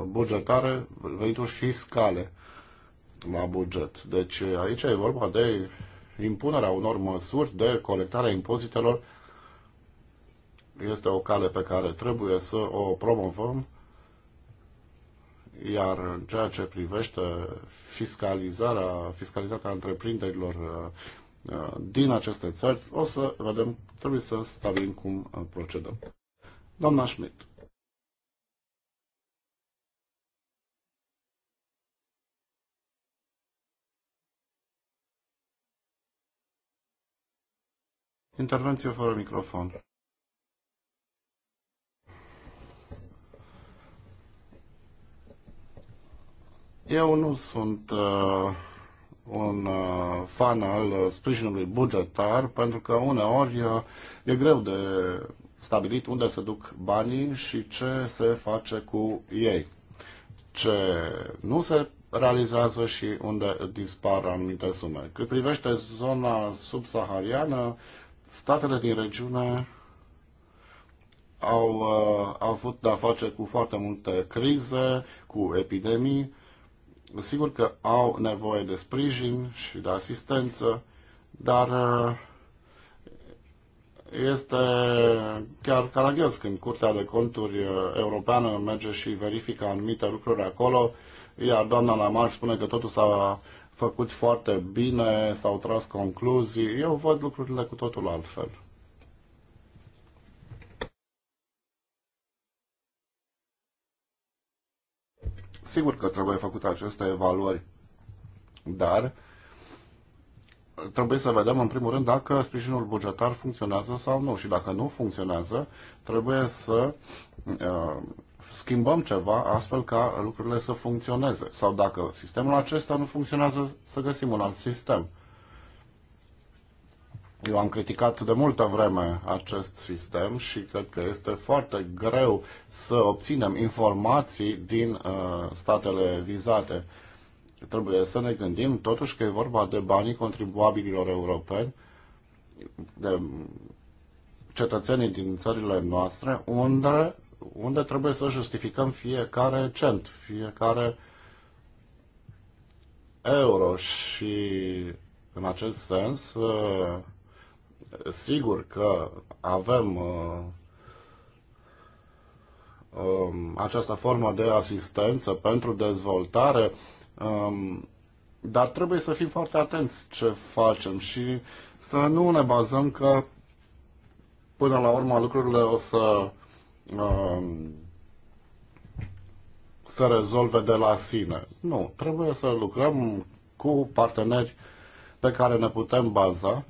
bugetare, venituri fiscale la buget. Deci aici e vorba de impunerea unor măsuri de colectare a impozitelor este o cale pe care trebuie să o promovăm, iar în ceea ce privește fiscalizarea, fiscalitatea întreprinderilor uh, uh, din aceste țări, o să vedem, trebuie să stabilim cum uh, procedăm. Doamna Schmidt. Intervenție fără microfon. Eu nu sunt uh, un uh, fan al uh, sprijinului bugetar, pentru că uneori uh, e greu de stabilit unde se duc banii și ce se face cu ei, ce nu se realizează și unde dispar anumite sume. Cât privește zona subsahariană, uh, Statele din regiune au uh, avut de-a face cu foarte multe crize, cu epidemii. Sigur că au nevoie de sprijin și de asistență, dar uh, este chiar caragios când Curtea de Conturi uh, Europeană merge și verifică anumite lucruri acolo, iar doamna Lamar spune că totul s-a făcut foarte bine, s-au tras concluzii. Eu văd lucrurile cu totul altfel. Sigur că trebuie făcute aceste evaluări, dar trebuie să vedem în primul rând dacă sprijinul bugetar funcționează sau nu și dacă nu funcționează, trebuie să uh, schimbăm ceva astfel ca lucrurile să funcționeze. Sau dacă sistemul acesta nu funcționează, să găsim un alt sistem. Eu am criticat de multă vreme acest sistem și cred că este foarte greu să obținem informații din uh, statele vizate. Trebuie să ne gândim totuși că e vorba de banii contribuabililor europeni, de cetățenii din țările noastre, unde unde trebuie să justificăm fiecare cent, fiecare euro și în acest sens uh, sigur că avem uh, um, această formă de asistență pentru dezvoltare, um, dar trebuie să fim foarte atenți ce facem și să nu ne bazăm că până la urmă lucrurile o să Um, se rezolve de la sine. Nu, trebuie să lucrăm cu parteneri pe care ne putem baza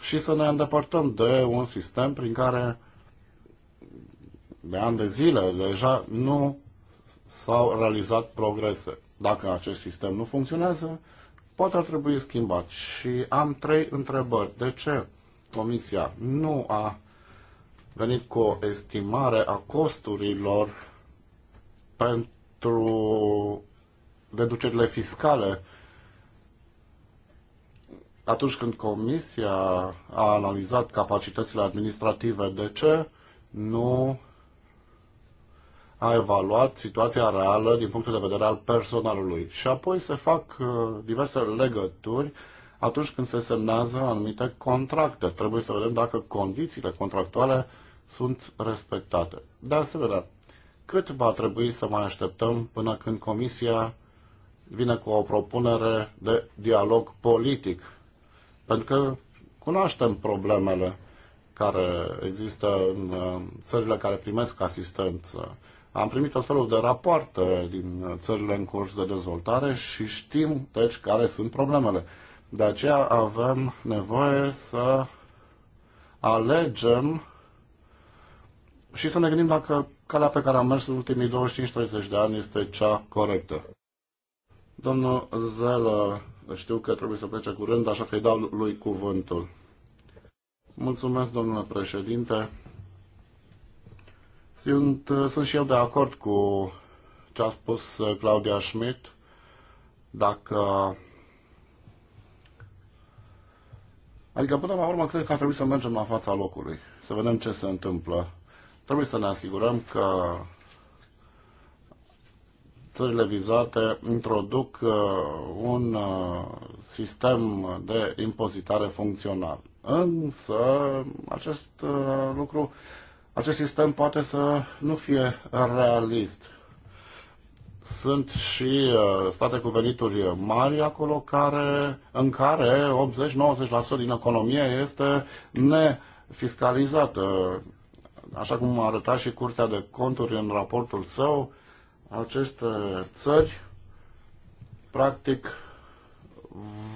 și să ne îndepărtăm de un sistem prin care de ani de zile deja nu s-au realizat progrese. Dacă acest sistem nu funcționează, poate ar trebui schimbat. Și am trei întrebări. De ce Comisia nu a venit cu o estimare a costurilor pentru deducerile fiscale. Atunci când Comisia a analizat capacitățile administrative, de ce nu a evaluat situația reală din punctul de vedere al personalului? Și apoi se fac uh, diverse legături atunci când se semnează anumite contracte. Trebuie să vedem dacă condițiile contractuale uh, sunt respectate. De asemenea, cât va trebui să mai așteptăm până când Comisia vine cu o propunere de dialog politic? Pentru că cunoaștem problemele care există în uh, țările care primesc asistență. Am primit tot felul de rapoarte din țările în curs de dezvoltare și știm, deci, care sunt problemele. De aceea avem nevoie să alegem și să ne gândim dacă calea pe care am mers în ultimii 25-30 de ani este cea corectă. Domnul Zelă, știu că trebuie să plece curând, așa că îi dau lui cuvântul. Mulțumesc, domnule președinte. Sunt, sunt și eu de acord cu ce a spus Claudia Schmidt. Dacă Adică, până la urmă, cred că ar trebui să mergem la fața locului, să vedem ce se întâmplă. Trebuie să ne asigurăm că țările vizate introduc uh, un uh, sistem de impozitare funcțional. Însă acest uh, lucru, acest sistem poate să nu fie realist. Sunt și state cu venituri mari acolo care, în care 80-90% din economie este nefiscalizată așa cum arătat și Curtea de Conturi în raportul său, aceste țări practic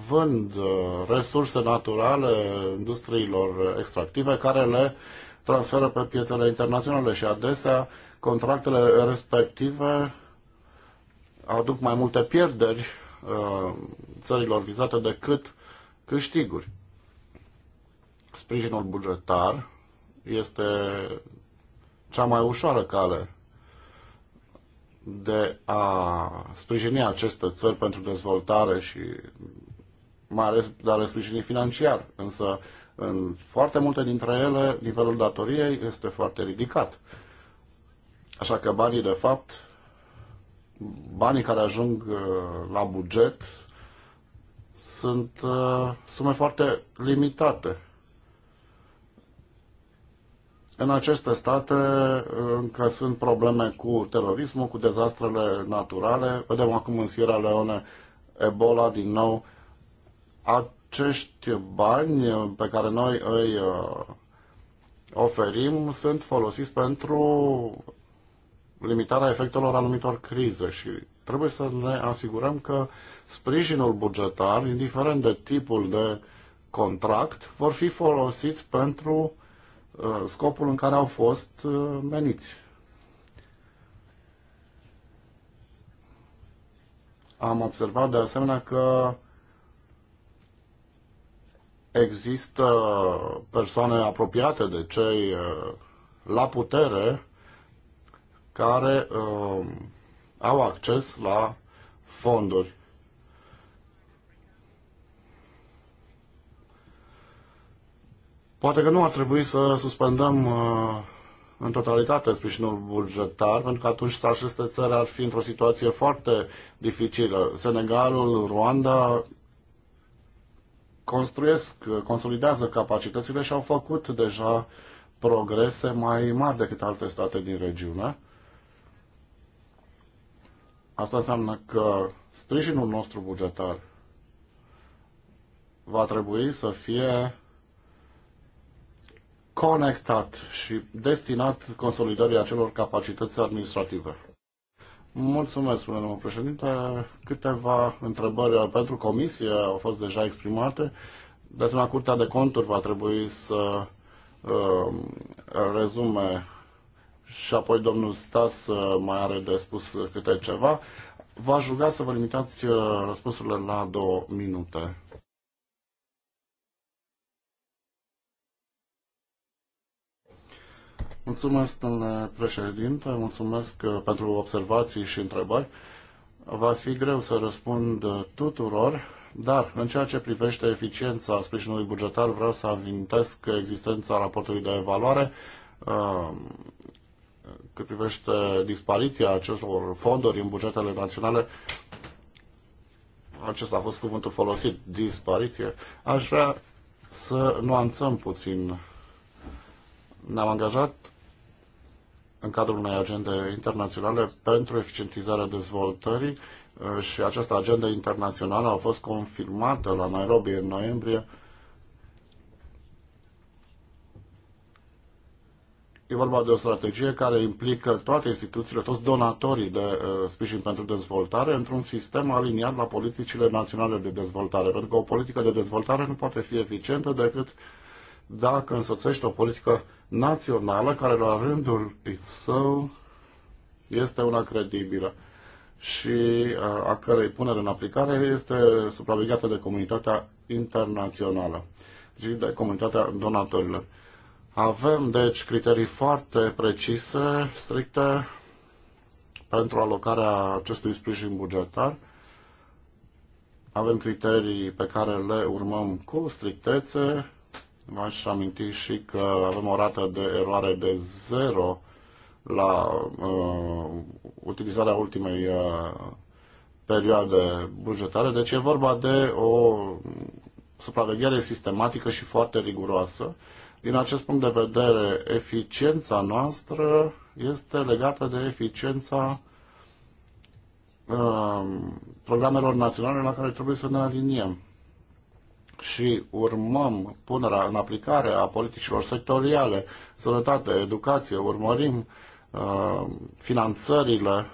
vând uh, resurse naturale industriilor extractive care le transferă pe piețele internaționale și adesea contractele respective aduc mai multe pierderi uh, țărilor vizate decât câștiguri. Sprijinul bugetar este cea mai ușoară cale de a sprijini aceste țări pentru dezvoltare și mai ales de a le sprijini financiar. Însă, în foarte multe dintre ele, nivelul datoriei este foarte ridicat. Așa că banii, de fapt, banii care ajung uh, la buget sunt uh, sume foarte limitate. În aceste state uh, încă sunt probleme cu terorismul, cu dezastrele naturale. Vedem acum în Sierra Leone Ebola din nou. Acești bani pe care noi îi uh, oferim sunt folosiți pentru limitarea efectelor anumitor crize și trebuie să ne asigurăm că sprijinul bugetar, indiferent de tipul de contract, vor fi folosiți pentru Uh, scopul în care au fost uh, meniți. Am observat de asemenea că există persoane apropiate de cei uh, la putere care uh, au acces la fonduri. Poate că nu ar trebui să suspendăm uh, în totalitate sprijinul bugetar, pentru că atunci aceste țări ar fi într-o situație foarte dificilă. Senegalul, Rwanda construiesc, consolidează capacitățile și au făcut deja progrese mai mari decât alte state din regiune. Asta înseamnă că sprijinul nostru bugetar va trebui să fie conectat și destinat consolidării acelor capacități administrative. Mulțumesc, spune domnul președinte. Câteva întrebări pentru comisie au fost deja exprimate. De asemenea, Curtea de Conturi va trebui să uh, rezume și apoi domnul Stas uh, mai are de spus câte ceva. V-aș ruga să vă limitați uh, răspunsurile la două minute. Mulțumesc, domnule președinte, mulțumesc uh, pentru observații și întrebări. Va fi greu să răspund uh, tuturor, dar în ceea ce privește eficiența sprijinului bugetar, vreau să amintesc existența raportului de evaluare uh, cât privește dispariția acestor fonduri în bugetele naționale. Acesta a fost cuvântul folosit, dispariție. Aș vrea să nuanțăm puțin ne-am angajat în cadrul unei agende internaționale pentru eficientizarea dezvoltării uh, și această agenda internațională a fost confirmată la Nairobi în noiembrie. E vorba de o strategie care implică toate instituțiile, toți donatorii de uh, sprijin pentru dezvoltare într-un sistem aliniat la politicile naționale de dezvoltare, pentru că o politică de dezvoltare nu poate fi eficientă decât uh, dacă însoțește o politică națională care la rândul său este una credibilă și a cărei punere în aplicare este supravegheată de comunitatea internațională și de comunitatea donatorilor. Avem, deci, criterii foarte precise, stricte, pentru alocarea acestui sprijin bugetar. Avem criterii pe care le urmăm cu strictețe V-aș aminti și că avem o rată de eroare de 0 la uh, utilizarea ultimei uh, perioade bugetare, deci e vorba de o supraveghere sistematică și foarte riguroasă. Din acest punct de vedere, eficiența noastră este legată de eficiența uh, programelor naționale la care trebuie să ne aliniem și urmăm punerea în aplicare a politicilor sectoriale, sănătate, educație, urmărim uh, finanțările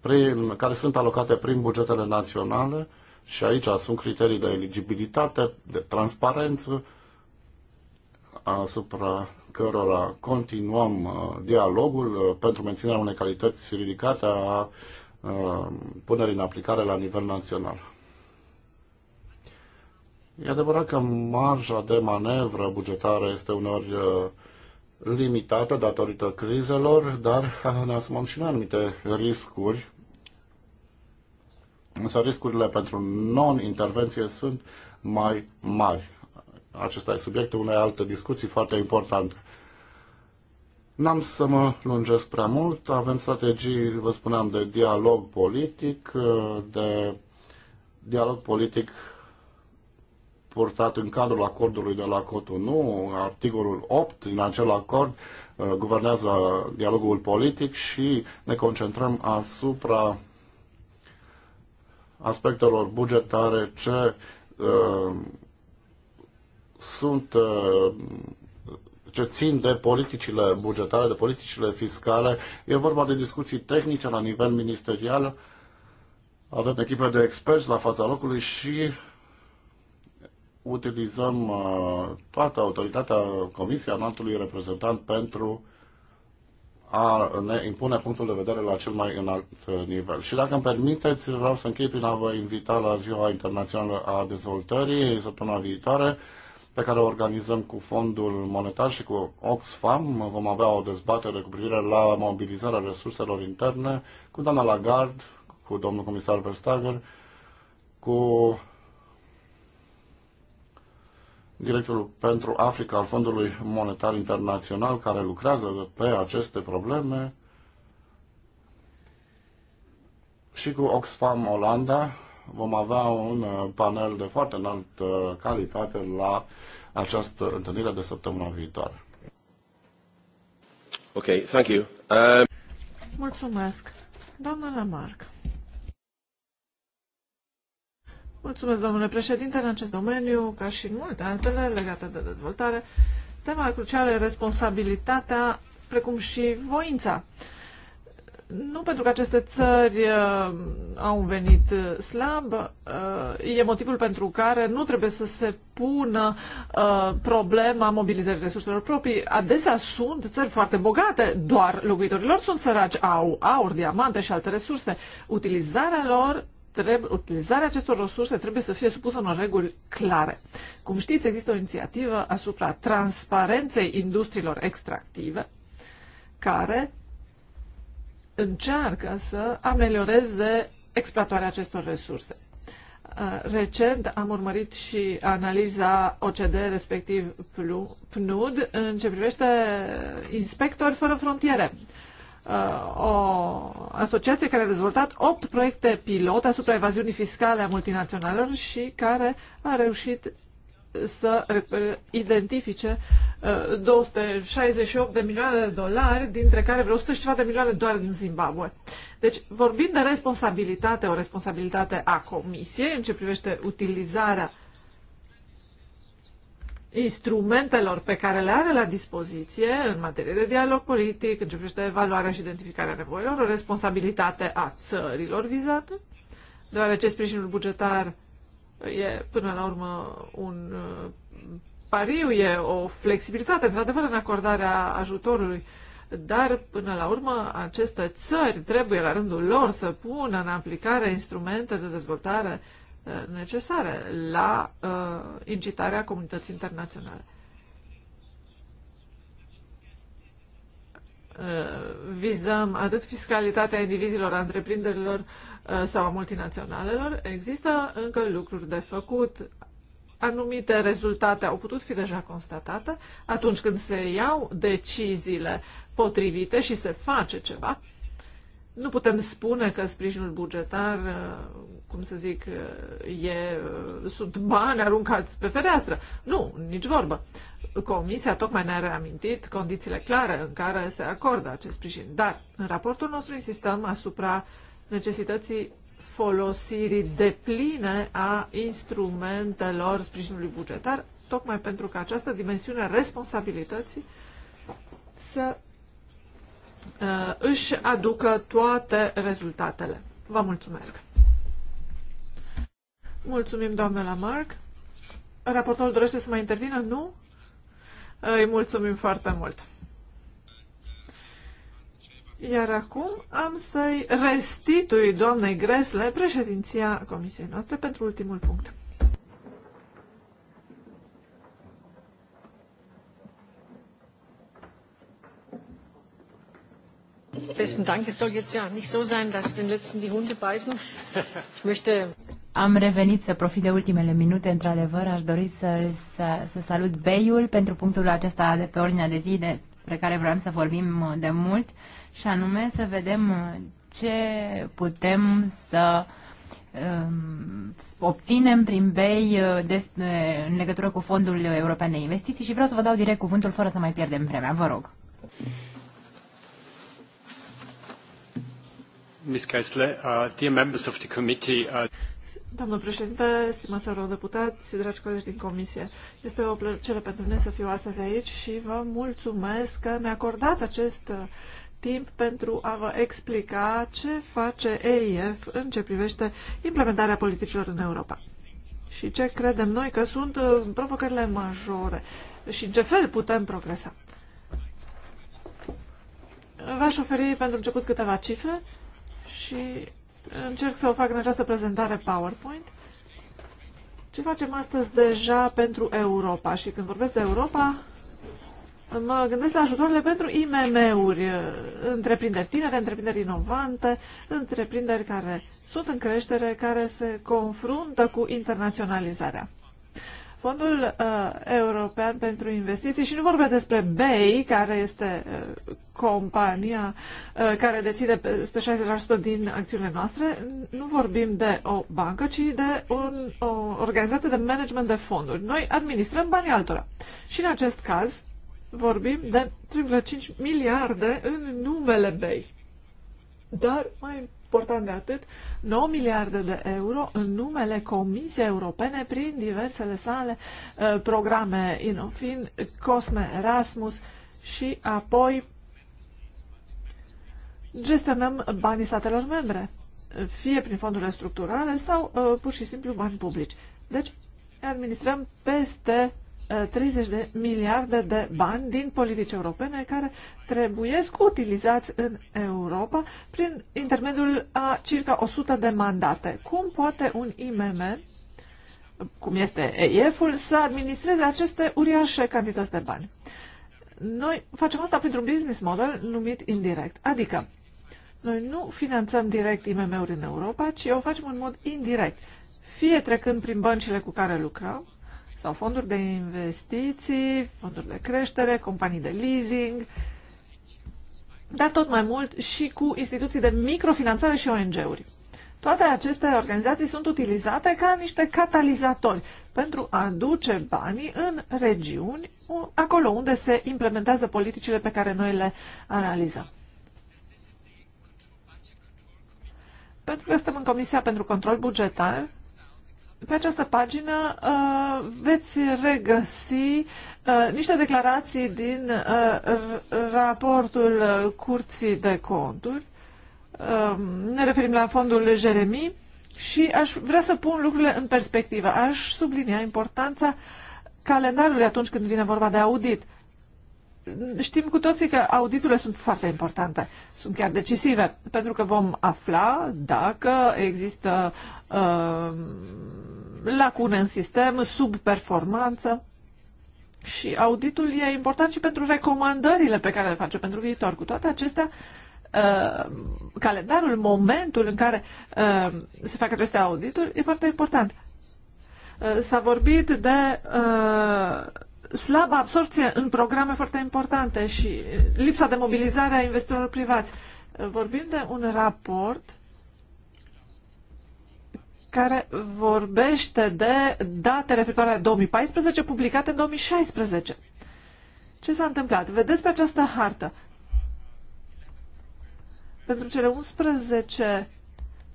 prin, care sunt alocate prin bugetele naționale și aici sunt criterii de eligibilitate, de transparență, asupra cărora continuăm uh, dialogul uh, pentru menținerea unei calități ridicate a uh, punerii în aplicare la nivel național. E adevărat că marja de manevră bugetară este uneori uh, limitată datorită crizelor, dar ne asumăm și noi anumite riscuri. Însă riscurile pentru non-intervenție sunt mai mari. Acesta e subiectul unei alte discuții foarte importante. N-am să mă lungesc prea mult. Avem strategii, vă spuneam, de dialog politic, uh, de dialog politic purtat în cadrul acordului de la Cotonou, articolul 8 din acel acord uh, guvernează dialogul politic și ne concentrăm asupra aspectelor bugetare ce uh, sunt uh, ce țin de politicile bugetare, de politicile fiscale. E vorba de discuții tehnice la nivel ministerial. Avem echipe de experți la fața locului și utilizăm uh, toată autoritatea Comisia Înaltului Reprezentant pentru a ne impune punctul de vedere la cel mai înalt uh, nivel. Și dacă îmi permiteți, vreau să închei prin a vă invita la Ziua Internațională a Dezvoltării săptămâna viitoare, pe care o organizăm cu Fondul Monetar și cu Oxfam. Vom avea o dezbatere cu privire la mobilizarea resurselor interne cu doamna Lagarde, cu domnul comisar Verstager, cu directorul pentru Africa al Fondului Monetar Internațional care lucrează pe aceste probleme și cu Oxfam Olanda vom avea un uh, panel de foarte înaltă uh, calitate la această întâlnire de săptămâna viitoare. Ok, thank you. Um... Mulțumesc. Doamna Lamarck. Mulțumesc, domnule președinte, în acest domeniu, ca și în multe altele legate de dezvoltare, tema crucială e responsabilitatea, precum și voința. Nu pentru că aceste țări uh, au venit uh, slab, uh, e motivul pentru care nu trebuie să se pună uh, problema mobilizării resurselor proprii. Adesea sunt țări foarte bogate, doar locuitorilor sunt săraci, au aur, diamante și alte resurse. Utilizarea lor trebuie, utilizarea acestor resurse trebuie să fie supusă unor reguli clare. Cum știți, există o inițiativă asupra transparenței industriilor extractive, care încearcă să amelioreze exploatarea acestor resurse. Recent am urmărit și analiza OCD, respectiv PNUD, în ce privește inspectori fără frontiere. Uh, o asociație care a dezvoltat opt proiecte pilot asupra evaziunii fiscale a multinaționalelor și care a reușit să identifice 268 uh, de milioane de dolari, dintre care vreo 100 și ceva de milioane doar în Zimbabwe. Deci, vorbim de responsabilitate, o responsabilitate a Comisiei în ce privește utilizarea instrumentelor pe care le are la dispoziție în materie de dialog politic, în ce privește evaluarea și identificarea nevoilor, o responsabilitate a țărilor vizate, deoarece sprijinul bugetar e până la urmă un uh, pariu, e o flexibilitate, într-adevăr, în acordarea ajutorului, dar până la urmă aceste țări trebuie la rândul lor să pună în aplicare instrumente de dezvoltare uh, necesare la uh, incitarea comunității internaționale. Uh, vizăm atât fiscalitatea indivizilor, a întreprinderilor uh, sau a multinaționalelor, există încă lucruri de făcut. Anumite rezultate au putut fi deja constatate atunci când se iau deciziile potrivite și se face ceva. Nu putem spune că sprijinul bugetar uh, cum să zic, e, sunt bani aruncați pe fereastră. Nu, nici vorbă. Comisia tocmai ne-a reamintit condițiile clare în care se acordă acest sprijin. Dar în raportul nostru insistăm asupra necesității folosirii depline a instrumentelor sprijinului bugetar, tocmai pentru că această dimensiune a responsabilității să uh, își aducă toate rezultatele. Vă mulțumesc! Mulțumim, doamnă Lamarck. Raportorul dorește să mai intervină? Nu? Îi mulțumim foarte mult. Iar acum am să-i restitui doamnei Gresle președinția comisiei noastre pentru ultimul punct. Besten Dank. Es soll jetzt ja nicht so sein, dass den Letzten die Hunde beißen. Ich möchte am revenit să profit de ultimele minute, într-adevăr. Aș dori să, să, să salut Beiul pentru punctul acesta de pe ordinea de zi despre care vreau să vorbim uh, de mult și anume să vedem uh, ce putem să um, obținem prin BEI uh, în legătură cu Fondul European de Investiții și vreau să vă dau direct cuvântul fără să mai pierdem vremea. Vă rog. Ms. Kessler, uh, dear members of the committee, uh... Doamnă președinte, stimați eurodeputați, dragi colegi din comisie, este o plăcere pentru mine să fiu astăzi aici și vă mulțumesc că mi-a acordat acest uh, timp pentru a vă explica ce face EIF în ce privește implementarea politicilor în Europa și ce credem noi că sunt uh, provocările majore și în ce fel putem progresa. V-aș oferi pentru început câteva cifre și încerc să o fac în această prezentare PowerPoint. Ce facem astăzi deja pentru Europa? Și când vorbesc de Europa, mă gândesc la ajutoarele pentru IMM-uri, întreprinderi tinere, întreprinderi inovante, întreprinderi care sunt în creștere, care se confruntă cu internaționalizarea. Fondul uh, European pentru Investiții și nu vorbea despre BEI, care este uh, compania uh, care deține peste 60% din acțiunile noastre. Nu vorbim de o bancă, ci de un, o organizație de management de fonduri. Noi administrăm banii altora. Și în acest caz vorbim de 3,5 miliarde în numele BEI. Dar mai important de atât, 9 miliarde de euro în numele Comisiei Europene prin diversele sale uh, programe Inofin, Cosme, Erasmus și apoi gestionăm banii statelor membre, fie prin fondurile structurale sau uh, pur și simplu bani publici. Deci administrăm peste 30 de miliarde de bani din politici europene care trebuie utilizați în Europa prin intermediul a circa 100 de mandate. Cum poate un IMM, cum este EIF-ul, să administreze aceste uriașe cantități de bani? Noi facem asta printr-un business model numit indirect, adică noi nu finanțăm direct IMM-uri în Europa, ci o facem în mod indirect, fie trecând prin băncile cu care lucrăm, sau fonduri de investiții, fonduri de creștere, companii de leasing, dar tot mai mult și cu instituții de microfinanțare și ONG-uri. Toate aceste organizații sunt utilizate ca niște catalizatori pentru a duce banii în regiuni, acolo unde se implementează politicile pe care noi le analizăm. Pentru că suntem în Comisia pentru Control Bugetar, pe această pagină uh, veți regăsi uh, niște declarații din uh, raportul uh, Curții de Conturi. Uh, ne referim la fondul Jeremy și aș vrea să pun lucrurile în perspectivă. Aș sublinia importanța calendarului atunci când vine vorba de audit. Uh, știm cu toții că auditurile sunt foarte importante, sunt chiar decisive, pentru că vom afla dacă există uh, lacune în sistem, subperformanță. Și auditul e important și pentru recomandările pe care le face pentru viitor. Cu toate acestea, uh, calendarul, momentul în care uh, se fac aceste audituri e foarte important. Uh, s-a vorbit de uh, slabă absorpție în programe foarte importante și eh, lipsa de mobilizare a investitorilor privați. Eh, vorbim de un raport care vorbește de date referitoare la 2014 publicate în 2016. Ce s-a întâmplat? Vedeți pe această hartă. Pentru cele 11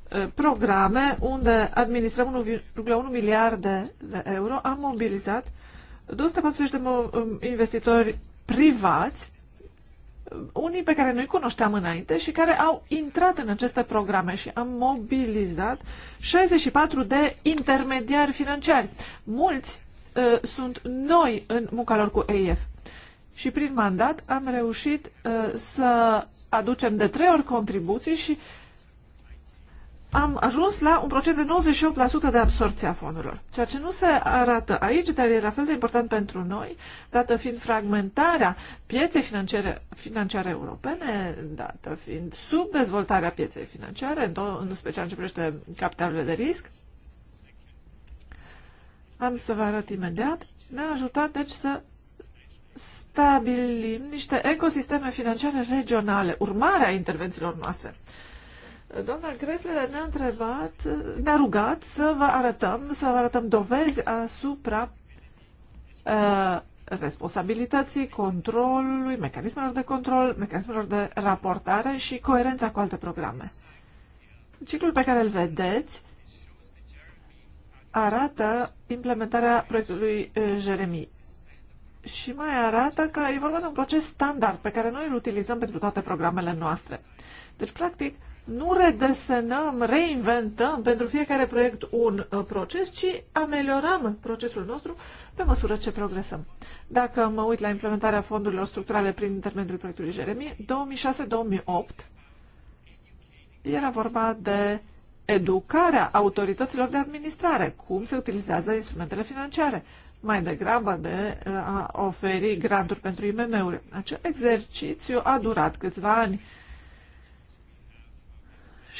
eh, programe unde administrăm 1,1 miliarde de euro, am mobilizat 240 de um, investitori privați, unii pe care nu-i cunoșteam înainte și care au intrat în aceste programe și am mobilizat 64 de intermediari financiari. Mulți uh, sunt noi în munca lor cu EIF. Și prin mandat am reușit uh, să aducem de trei ori contribuții și uh, am ajuns la un procent de 98% de absorție a fondurilor. Ceea ce nu se arată aici, dar e la fel de important pentru noi, dată fiind fragmentarea pieței financiare, financiare europene, dată fiind subdezvoltarea pieței financiare, în, tot, în special ce privește capitalele de risc. Am să vă arăt imediat. Ne-a ajutat, deci, să stabilim niște ecosisteme financiare regionale, urmarea intervențiilor noastre. Doamna Gresler ne-a întrebat, ne-a rugat să vă arătăm, să vă arătăm dovezi asupra uh, responsabilității, controlului, mecanismelor de control, mecanismelor de raportare și coerența cu alte programe. Ciclul pe care îl vedeți arată implementarea proiectului uh, Jeremy și mai arată că e vorba de un proces standard pe care noi îl utilizăm pentru toate programele noastre. Deci, practic, nu redesenăm, reinventăm pentru fiecare proiect un uh, proces, ci ameliorăm procesul nostru pe măsură ce progresăm. Dacă mă uit la implementarea fondurilor structurale prin intermediul proiectului Jeremy, 2006-2008 era vorba de educarea autorităților de administrare, cum se utilizează instrumentele financiare, mai degrabă de uh, a oferi granturi pentru IMM-uri. Acest exercițiu a durat câțiva ani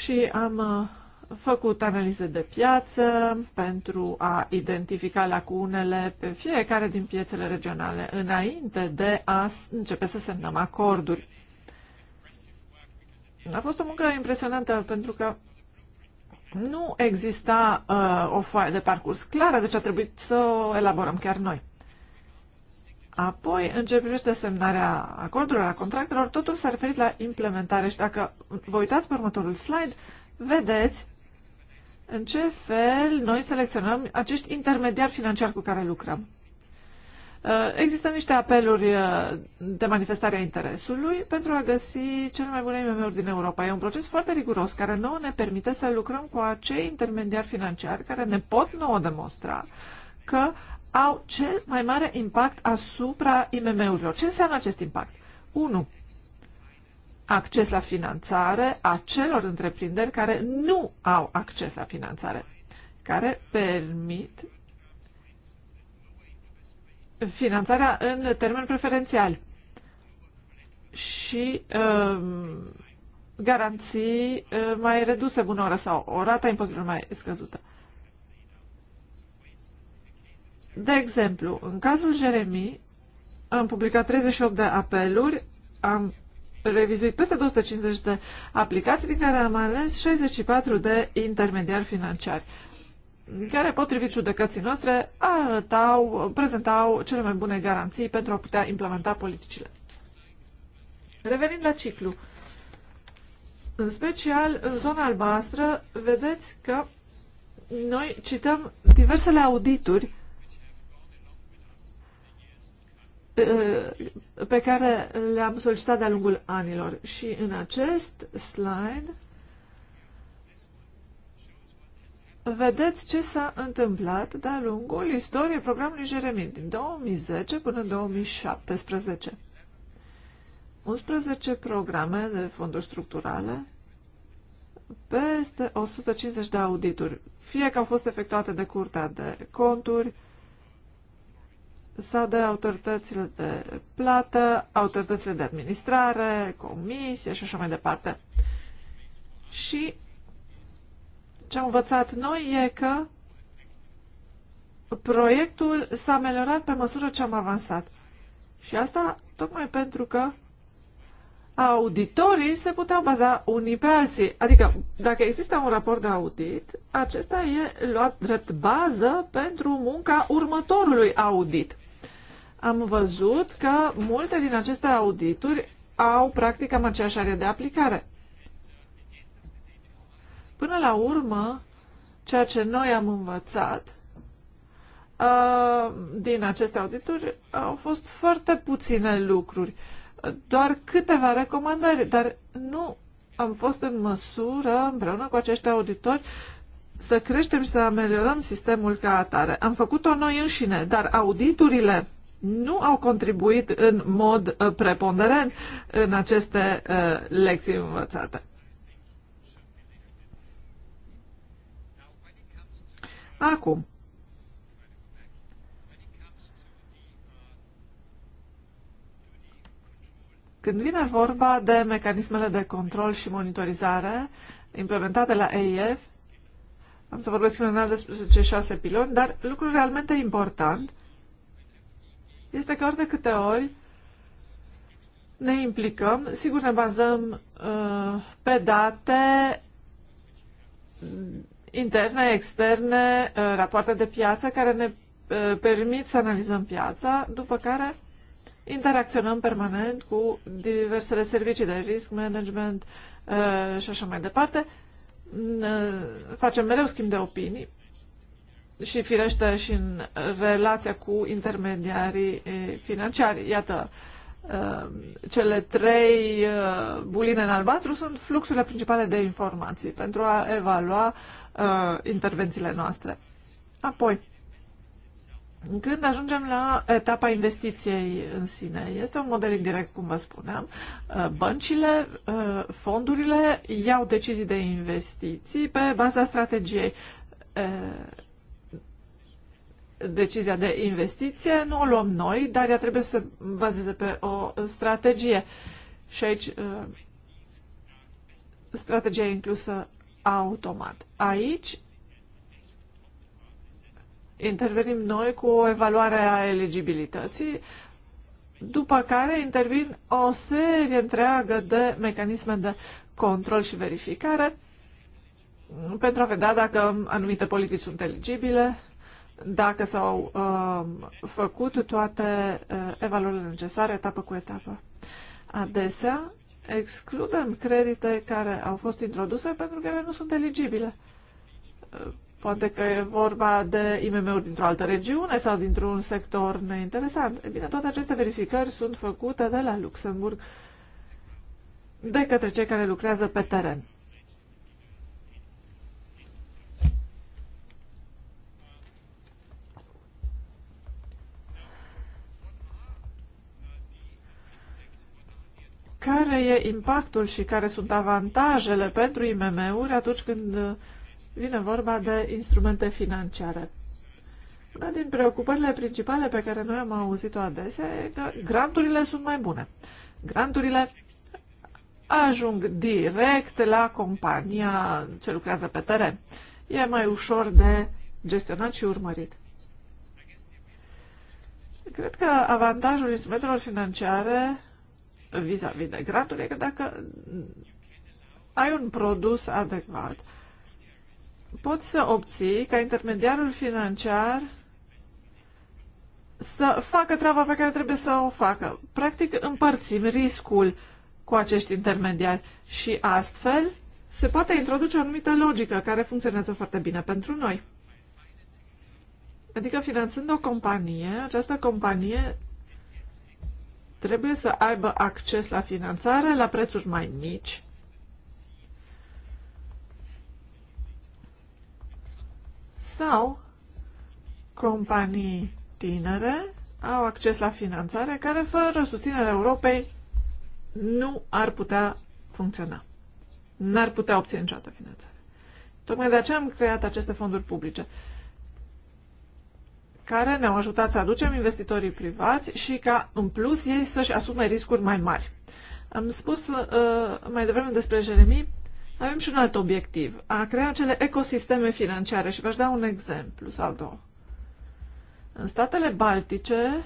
și am uh, făcut analize de piață pentru a identifica lacunele pe fiecare din piețele regionale înainte de a începe să semnăm acorduri. A fost o muncă impresionantă pentru că nu exista uh, o foaie de parcurs clară, deci a trebuit să o elaborăm chiar noi. Apoi, în ce privește semnarea acordurilor, a contractelor, totul s-a referit la implementare și dacă vă uitați pe următorul slide, vedeți în ce fel noi selecționăm acești intermediari financiari cu care lucrăm. Uh, există niște apeluri uh, de manifestare a interesului pentru a găsi cele mai bune imm din Europa. E un proces foarte riguros care nouă ne permite să lucrăm cu acei intermediari financiari care ne pot nouă demonstra că au cel mai mare impact asupra IMM-urilor. Ce înseamnă acest impact? 1. Acces la finanțare a celor întreprinderi care nu au acces la finanțare, care permit finanțarea în termen preferențial și um, garanții uh, mai reduse bună oră sau o rata impozitului mai scăzută. De exemplu, în cazul Jeremy, am publicat 38 de apeluri, am revizuit peste 250 de aplicații, din care am ales 64 de intermediari financiari, care, potrivit judecății noastre, arătau, prezentau cele mai bune garanții pentru a putea implementa politicile. Revenind la ciclu, în special în zona albastră, vedeți că noi cităm diversele audituri pe care le-am solicitat de-a lungul anilor. Și în acest slide vedeți ce s-a întâmplat de-a lungul istoriei programului Jeremie din 2010 până în 2017. 11 programe de fonduri structurale, peste 150 de audituri, fie că au fost efectuate de curtea de conturi, sau de autoritățile de plată, autoritățile de administrare, comisie și așa mai departe. Și ce am învățat noi e că proiectul s-a ameliorat pe măsură ce am avansat. Și asta tocmai pentru că auditorii se puteau baza unii pe alții. Adică, dacă există un raport de audit, acesta e luat drept bază pentru munca următorului audit am văzut că multe din aceste audituri au practic cam aceeași are de aplicare. Până la urmă, ceea ce noi am învățat din aceste audituri au fost foarte puține lucruri, doar câteva recomandări, dar nu am fost în măsură, împreună cu acești auditori, să creștem și să ameliorăm sistemul ca atare. Am făcut-o noi înșine, dar auditurile nu au contribuit în mod uh, preponderent în aceste uh, lecții învățate. Acum, Când vine vorba de mecanismele de control și monitorizare implementate la EIF, am să vorbesc mai despre cei șase piloni, dar lucru realmente important este că ori de câte ori ne implicăm, sigur ne bazăm uh, pe date interne, externe, uh, rapoarte de piață care ne uh, permit să analizăm piața, după care interacționăm permanent cu diversele servicii de risk management uh, și așa mai departe. Uh, facem mereu schimb de opinii și firește și în relația cu intermediarii financiari. Iată, cele trei buline în albastru sunt fluxurile principale de informații pentru a evalua intervențiile noastre. Apoi, când ajungem la etapa investiției în sine, este un model indirect, cum vă spuneam. Băncile, fondurile iau decizii de investiții pe baza strategiei decizia de investiție nu o luăm noi, dar ea trebuie să se bazeze pe o strategie. Și aici uh, strategia e inclusă automat. Aici intervenim noi cu o evaluare a eligibilității, după care intervin o serie întreagă de mecanisme de control și verificare pentru a vedea dacă anumite politici sunt eligibile, dacă s-au uh, făcut toate uh, evaluările necesare, etapă cu etapă. Adesea, excludem credite care au fost introduse pentru că ele nu sunt eligibile. Uh, poate că e vorba de IMM-uri dintr-o altă regiune sau dintr-un sector neinteresant. E bine, toate aceste verificări sunt făcute de la Luxemburg de către cei care lucrează pe teren. care e impactul și care sunt avantajele pentru IMM-uri atunci când uh, vine vorba de instrumente financiare. Una din preocupările principale pe care noi am auzit-o adesea e că granturile sunt mai bune. Granturile ajung direct la compania ce lucrează pe teren. E mai ușor de gestionat și urmărit. Cred că avantajul instrumentelor financiare vis-a-vis -vis de granturi că dacă ai un produs adecvat, poți să obții ca intermediarul financiar să facă treaba pe care trebuie să o facă. Practic împărțim riscul cu acești intermediari și astfel se poate introduce o anumită logică care funcționează foarte bine pentru noi. Adică finanțând o companie, această companie trebuie să aibă acces la finanțare la prețuri mai mici. Sau companii tinere au acces la finanțare care, fără susținerea Europei, nu ar putea funcționa. N-ar putea obține niciodată finanțare. Tocmai de aceea am creat aceste fonduri publice. Uh, care ne-au ajutat să aducem investitorii privați și ca, în plus, ei să-și asume riscuri mai mari. Am spus uh, mai devreme despre Jeremie, avem și un alt obiectiv, a crea acele ecosisteme financiare și v-aș da un exemplu sau două. În statele baltice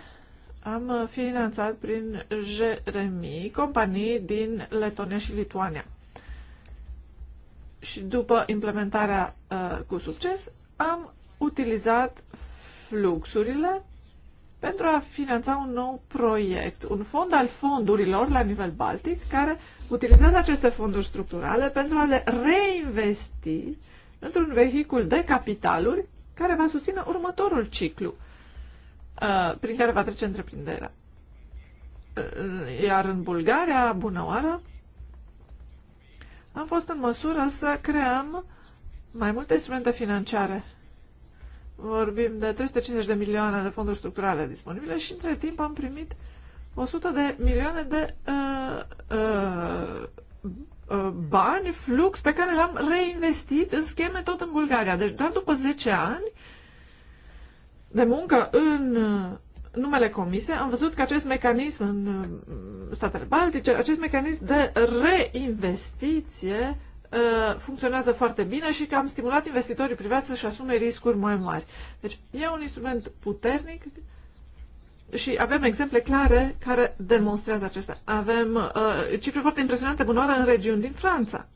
am finanțat prin Jeremie companii din Letonia și Lituania. Și după implementarea uh, cu succes, am utilizat fluxurile pentru a finanța un nou proiect, un fond al fondurilor la nivel baltic, care utilizează aceste fonduri structurale pentru a le reinvesti într-un vehicul de capitaluri care va susține următorul ciclu uh, prin care va trece întreprinderea. iar în Bulgaria, bună oară, am fost în măsură să creăm mai multe instrumente financiare vorbim de 350 de milioane de fonduri structurale disponibile și între timp am primit 100 de milioane de uh, uh, uh, bani, flux, pe care l-am reinvestit în scheme tot în Bulgaria. Deci doar după 10 ani de muncă în uh, numele comise, am văzut că acest mecanism în uh, statele baltice, acest mecanism de reinvestiție Uh, funcționează foarte bine și că am stimulat investitorii privați să-și asume riscuri mai mari. Deci e un instrument puternic și avem exemple clare care demonstrează acesta. Avem uh, cifre foarte impresionante, bunoară în regiuni din Franța.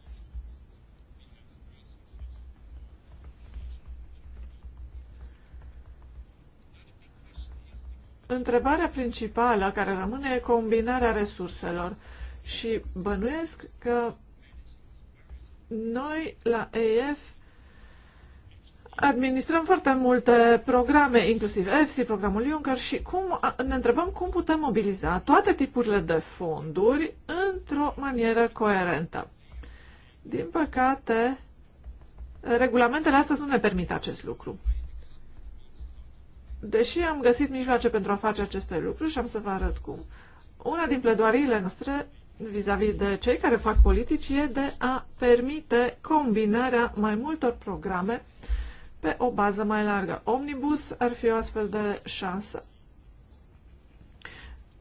Întrebarea principală care rămâne e combinarea resurselor și bănuiesc că noi, la EF, administrăm foarte multe programe, inclusiv EFSI, programul Juncker, și cum, ne întrebăm cum putem mobiliza toate tipurile de fonduri într-o manieră coerentă. Din păcate, regulamentele astăzi nu ne permit acest lucru. Deși am găsit mijloace pentru a face aceste lucruri și am să vă arăt cum, una din pledoariile noastre vis-a-vis -vis de cei care fac politici e de a permite combinarea mai multor programe pe o bază mai largă. Omnibus ar fi o astfel de șansă.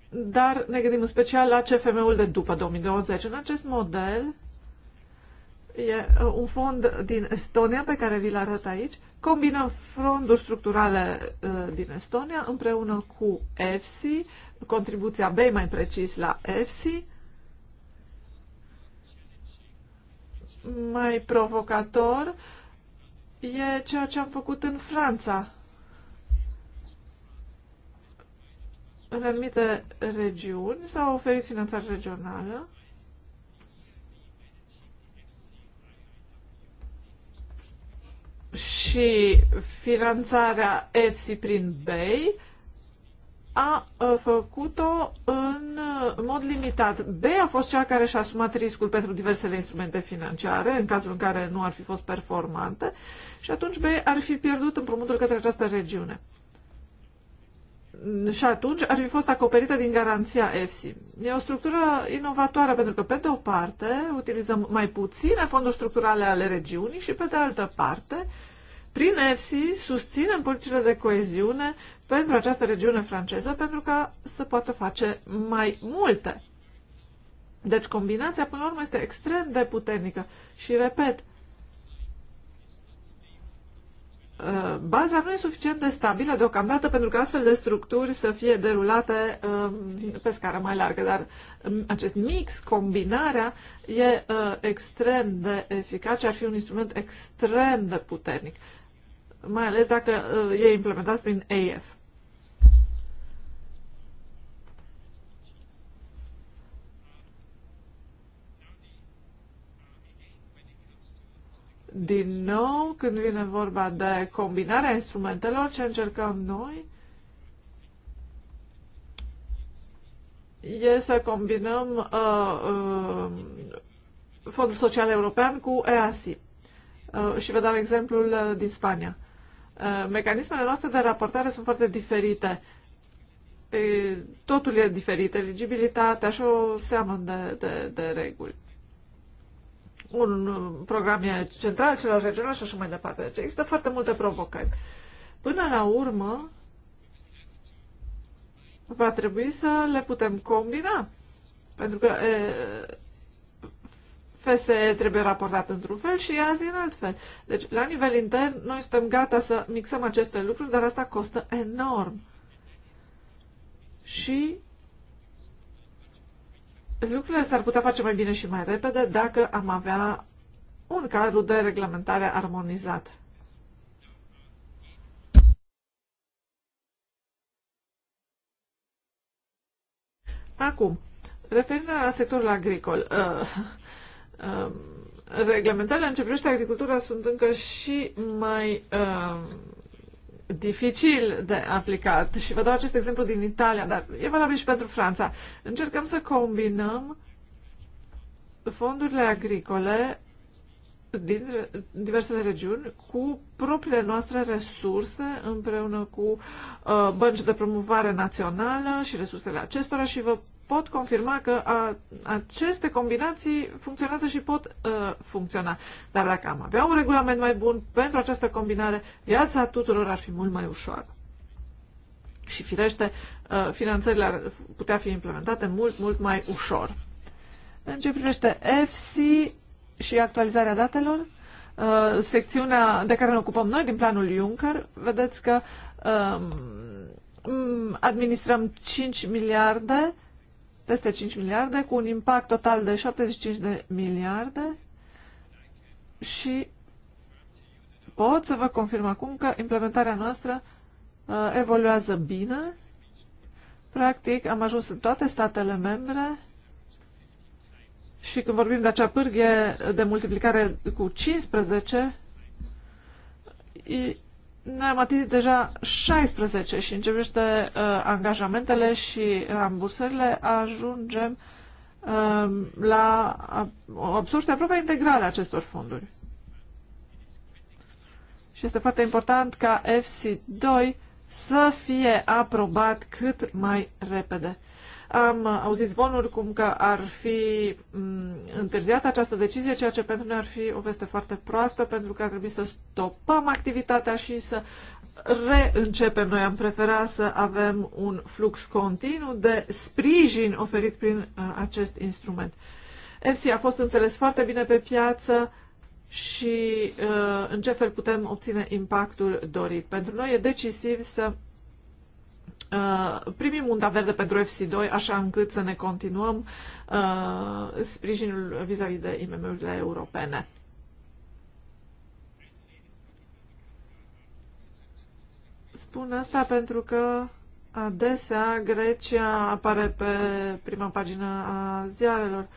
Dar ne gândim în special la CFM-ul de după 2020. În acest model e uh, un fond din Estonia pe care vi-l arăt aici. Combină fonduri structurale uh, din Estonia împreună cu EFSI, contribuția B mai precis la EFSI, mai provocator e ceea ce am făcut în Franța. În anumite regiuni s au oferit finanțare regională și finanțarea EFSI prin BEI a făcut-o în mod limitat. B a fost cea care și-a asumat riscul pentru diversele instrumente financiare, în cazul în care nu ar fi fost performantă, și atunci B ar fi pierdut împrumutul către această regiune. Și atunci ar fi fost acoperită din garanția EFSI. E o structură inovatoare pentru că, pe de o parte, utilizăm mai puține fonduri structurale ale regiunii și, pe de altă parte, prin EFSI susținem politicile de coeziune pentru această regiune franceză pentru ca să poată face mai multe. Deci combinația, până la urmă, este extrem de puternică. Și repet, uh, baza nu e suficient de stabilă deocamdată pentru că astfel de structuri să fie derulate uh, pe scară mai largă, dar um, acest mix, combinarea, e uh, extrem de eficace, ar fi un instrument extrem de puternic mai ales dacă uh, e implementat prin AF. Din nou, când vine vorba de combinarea instrumentelor, ce încercăm noi e să combinăm uh, uh, Fondul Social European cu EASI. Uh, și vă dau exemplul uh, din Spania. Eh, mecanismele noastre de raportare sunt foarte diferite. Totul e diferit, eligibilitatea și o seamă de, de, de reguli. Un program e central, celălalt regional și așa mai departe. Deci există foarte multe provocări. Până la urmă, va trebui să le putem combina. Pentru că e, FSE trebuie raportat într-un fel și azi în alt fel. Deci, la nivel intern, noi suntem gata să mixăm aceste lucruri, dar asta costă enorm. Și lucrurile s-ar putea face mai bine și mai repede dacă am avea un cadru de reglementare armonizat. Acum, referind la sectorul agricol, uh, Um, reglementările în ce privește agricultura sunt încă și mai um, dificil de aplicat și vă dau acest exemplu din Italia, dar e valabil și pentru Franța. Încercăm să combinăm fondurile agricole din diversele regiuni cu propriile noastre resurse împreună cu uh, bănci de promovare națională și resursele acestora și vă pot confirma că a, aceste combinații funcționează și pot uh, funcționa. Dar dacă am avea un regulament mai bun pentru această combinare, viața tuturor ar fi mult mai ușoară. Și firește, uh, finanțările ar putea fi implementate mult, mult mai ușor. În ce privește FC și actualizarea datelor, uh, secțiunea de care ne ocupăm noi din planul Juncker, vedeți că a, um, administrăm 5 miliarde peste 5 miliarde, cu un impact total de 75 de miliarde și pot să vă confirm acum că implementarea noastră uh, evoluează bine. Practic, am ajuns în toate statele membre și când vorbim de acea pârghie de multiplicare cu 15, ne-am atins deja 16 și începește uh, angajamentele și rambursările, ajungem uh, la o absorție aproape integrală a acestor fonduri. Și este foarte important ca FC2 să fie aprobat cât mai repede. Am auzit zvonuri cum că ar fi întârziat această decizie, ceea ce pentru noi ar fi o veste foarte proastă, pentru că ar trebui să stopăm activitatea și să reîncepem. Noi am preferat să avem un flux continuu de sprijin oferit prin uh, acest instrument. FC a fost înțeles foarte bine pe piață și uh, în ce fel putem obține impactul dorit. Pentru noi e decisiv să Uh, primim unda verde pentru FC2, așa încât să ne continuăm uh, sprijinul vis-a-vis -vis de IMM-urile europene. Spun asta pentru că adesea Grecia apare pe prima pagină a ziarelor. Uh,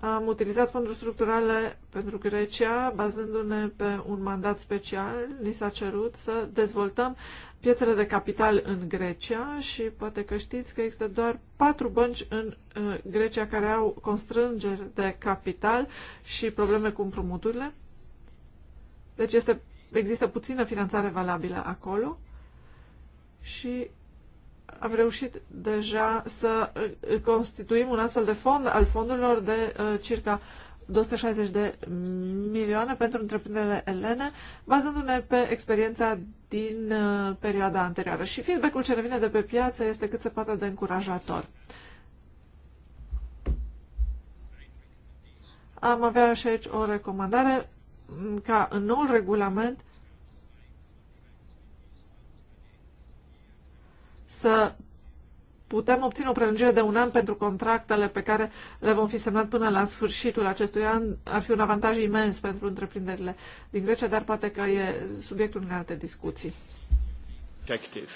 am utilizat fonduri structurale pentru Grecia, bazându-ne pe un mandat special. Ni s-a cerut să dezvoltăm piețele de capital în Grecia și poate că știți că există doar patru bănci în uh, Grecia care au constrângeri de capital și probleme cu împrumuturile. Deci este, există puțină finanțare valabilă acolo și am reușit deja să uh, constituim un astfel de fond al fondurilor de uh, circa 260 de milioane pentru întreprinderile elene, bazându-ne pe experiența din uh, perioada anterioară. Și feedback-ul ce ne vine de pe piață este cât se poate de încurajator. Am avea și aici o recomandare mm, ca în noul regulament să putem obține o prelungire de un an pentru contractele pe care le vom fi semnat până la sfârșitul acestui an, ar fi un avantaj imens pentru întreprinderile din Grecia, dar poate că e subiectul unei alte discuții. Objective.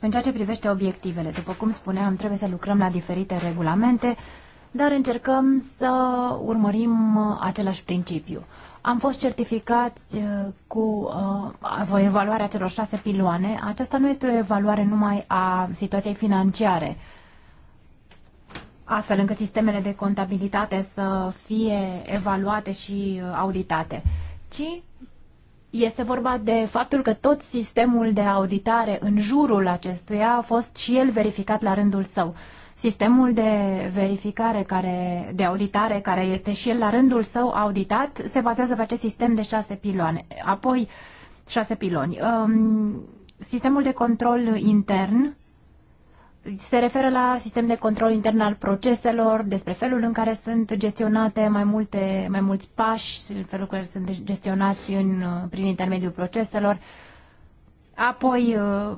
În ceea ce privește obiectivele, după cum spuneam, trebuie să lucrăm la diferite regulamente, dar încercăm să urmărim același principiu. Am fost certificați uh, cu uh, evaluarea celor șase piloane. Aceasta nu este o evaluare numai a situației financiare, astfel încât sistemele de contabilitate să fie evaluate și uh, auditate, ci este vorba de faptul că tot sistemul de auditare în jurul acestuia a fost și el verificat la rândul său. Sistemul de verificare, care, de auditare, care este și el la rândul său auditat, se bazează pe acest sistem de șase piloane. Apoi, șase piloni. Um, sistemul de control intern se referă la sistem de control intern al proceselor, despre felul în care sunt gestionate mai, multe, mai mulți pași, felul în care sunt gestionați în, prin intermediul proceselor. Apoi, uh,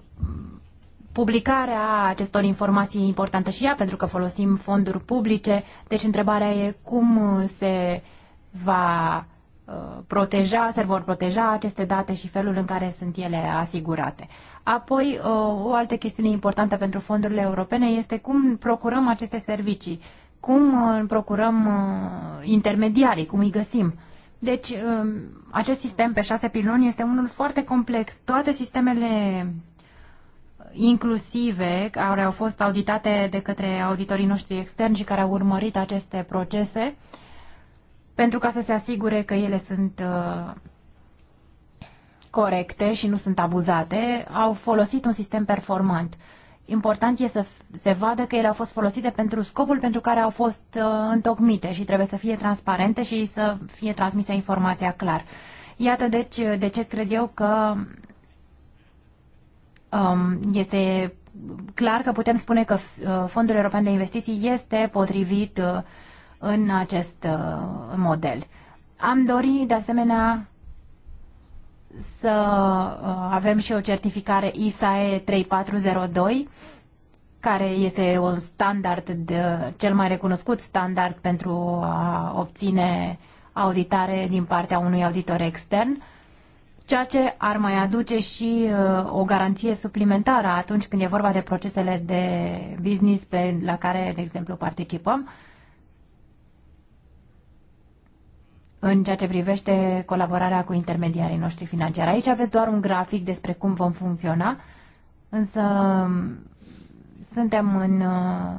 publicarea acestor informații importantă și ea, pentru că folosim fonduri publice. Deci întrebarea e cum uh, se va uh, proteja, se vor proteja aceste date și felul în care sunt ele asigurate. Apoi, uh, o altă chestiune importantă pentru fondurile europene este cum procurăm aceste servicii, cum procurăm intermediarii, cum îi găsim. Deci, um, acest sistem pe șase piloni este unul foarte complex. Toate sistemele inclusive care au fost auditate de către auditorii noștri externi și care au urmărit aceste procese pentru ca să se asigure că ele sunt uh, corecte și nu sunt abuzate, au folosit un sistem performant. Important e să se vadă că ele au fost folosite pentru scopul pentru care au fost uh, întocmite și trebuie să fie transparente și să fie transmise informația clar. Iată deci de ce cred eu că Um, este clar că putem spune că uh, Fondul European de Investiții este potrivit uh, în acest uh, model. Am dori, de asemenea, să avem și o certificare ISAE 3402, care este un standard, de, cel mai recunoscut standard pentru a obține auditare din partea unui auditor extern. Uh, ceea ce ar mai aduce și uh, o garanție suplimentară atunci când e vorba de procesele de business pe, la care, de exemplu, participăm. în ceea ce privește colaborarea cu intermediarii noștri financiari. Aici aveți doar un grafic despre cum vom funcționa, însă um, suntem în uh,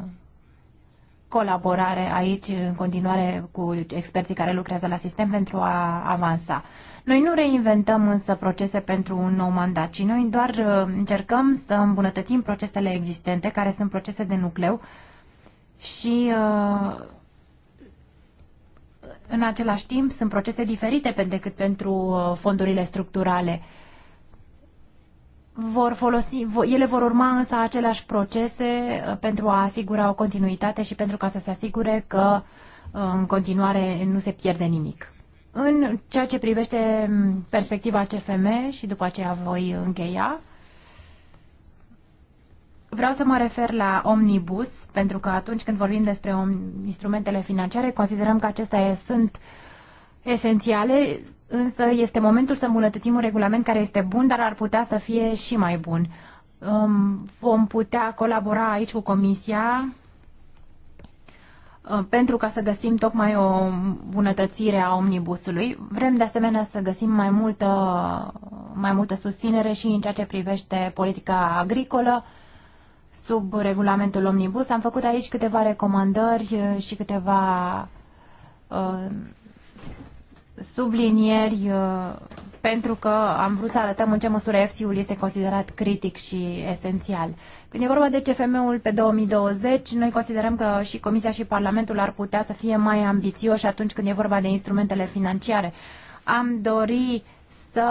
colaborare aici în continuare cu experții care lucrează la sistem pentru a avansa. Noi nu reinventăm însă procese pentru un nou mandat, ci noi doar uh, încercăm să îmbunătățim procesele existente, care sunt procese de nucleu și uh, în același timp sunt procese diferite decât pentru uh, fondurile structurale vor folosi, ele vor urma însă aceleași procese pentru a asigura o continuitate și pentru ca să se asigure că în continuare nu se pierde nimic. În ceea ce privește mm, perspectiva CFM și după aceea voi încheia, vreau să mă refer la omnibus, pentru că atunci când vorbim despre instrumentele financiare, considerăm că acestea sunt esențiale, însă este momentul să îmbunătățim un regulament care este bun, dar ar putea să fie și mai bun. Vom putea colabora aici cu Comisia Uh, pentru ca să găsim tocmai o bunătățire a omnibusului. Vrem de asemenea să găsim mai multă, mai multă susținere și în ceea ce privește politica agricolă sub regulamentul omnibus. Am făcut aici câteva recomandări uh, și câteva uh, sublinieri uh, pentru că am vrut să arătăm în ce măsură FCU-ul este considerat critic și esențial. Când e vorba de CFM-ul pe 2020, noi considerăm că și Comisia și Parlamentul ar putea să fie mai ambițioși atunci când e vorba de instrumentele financiare. Am dori să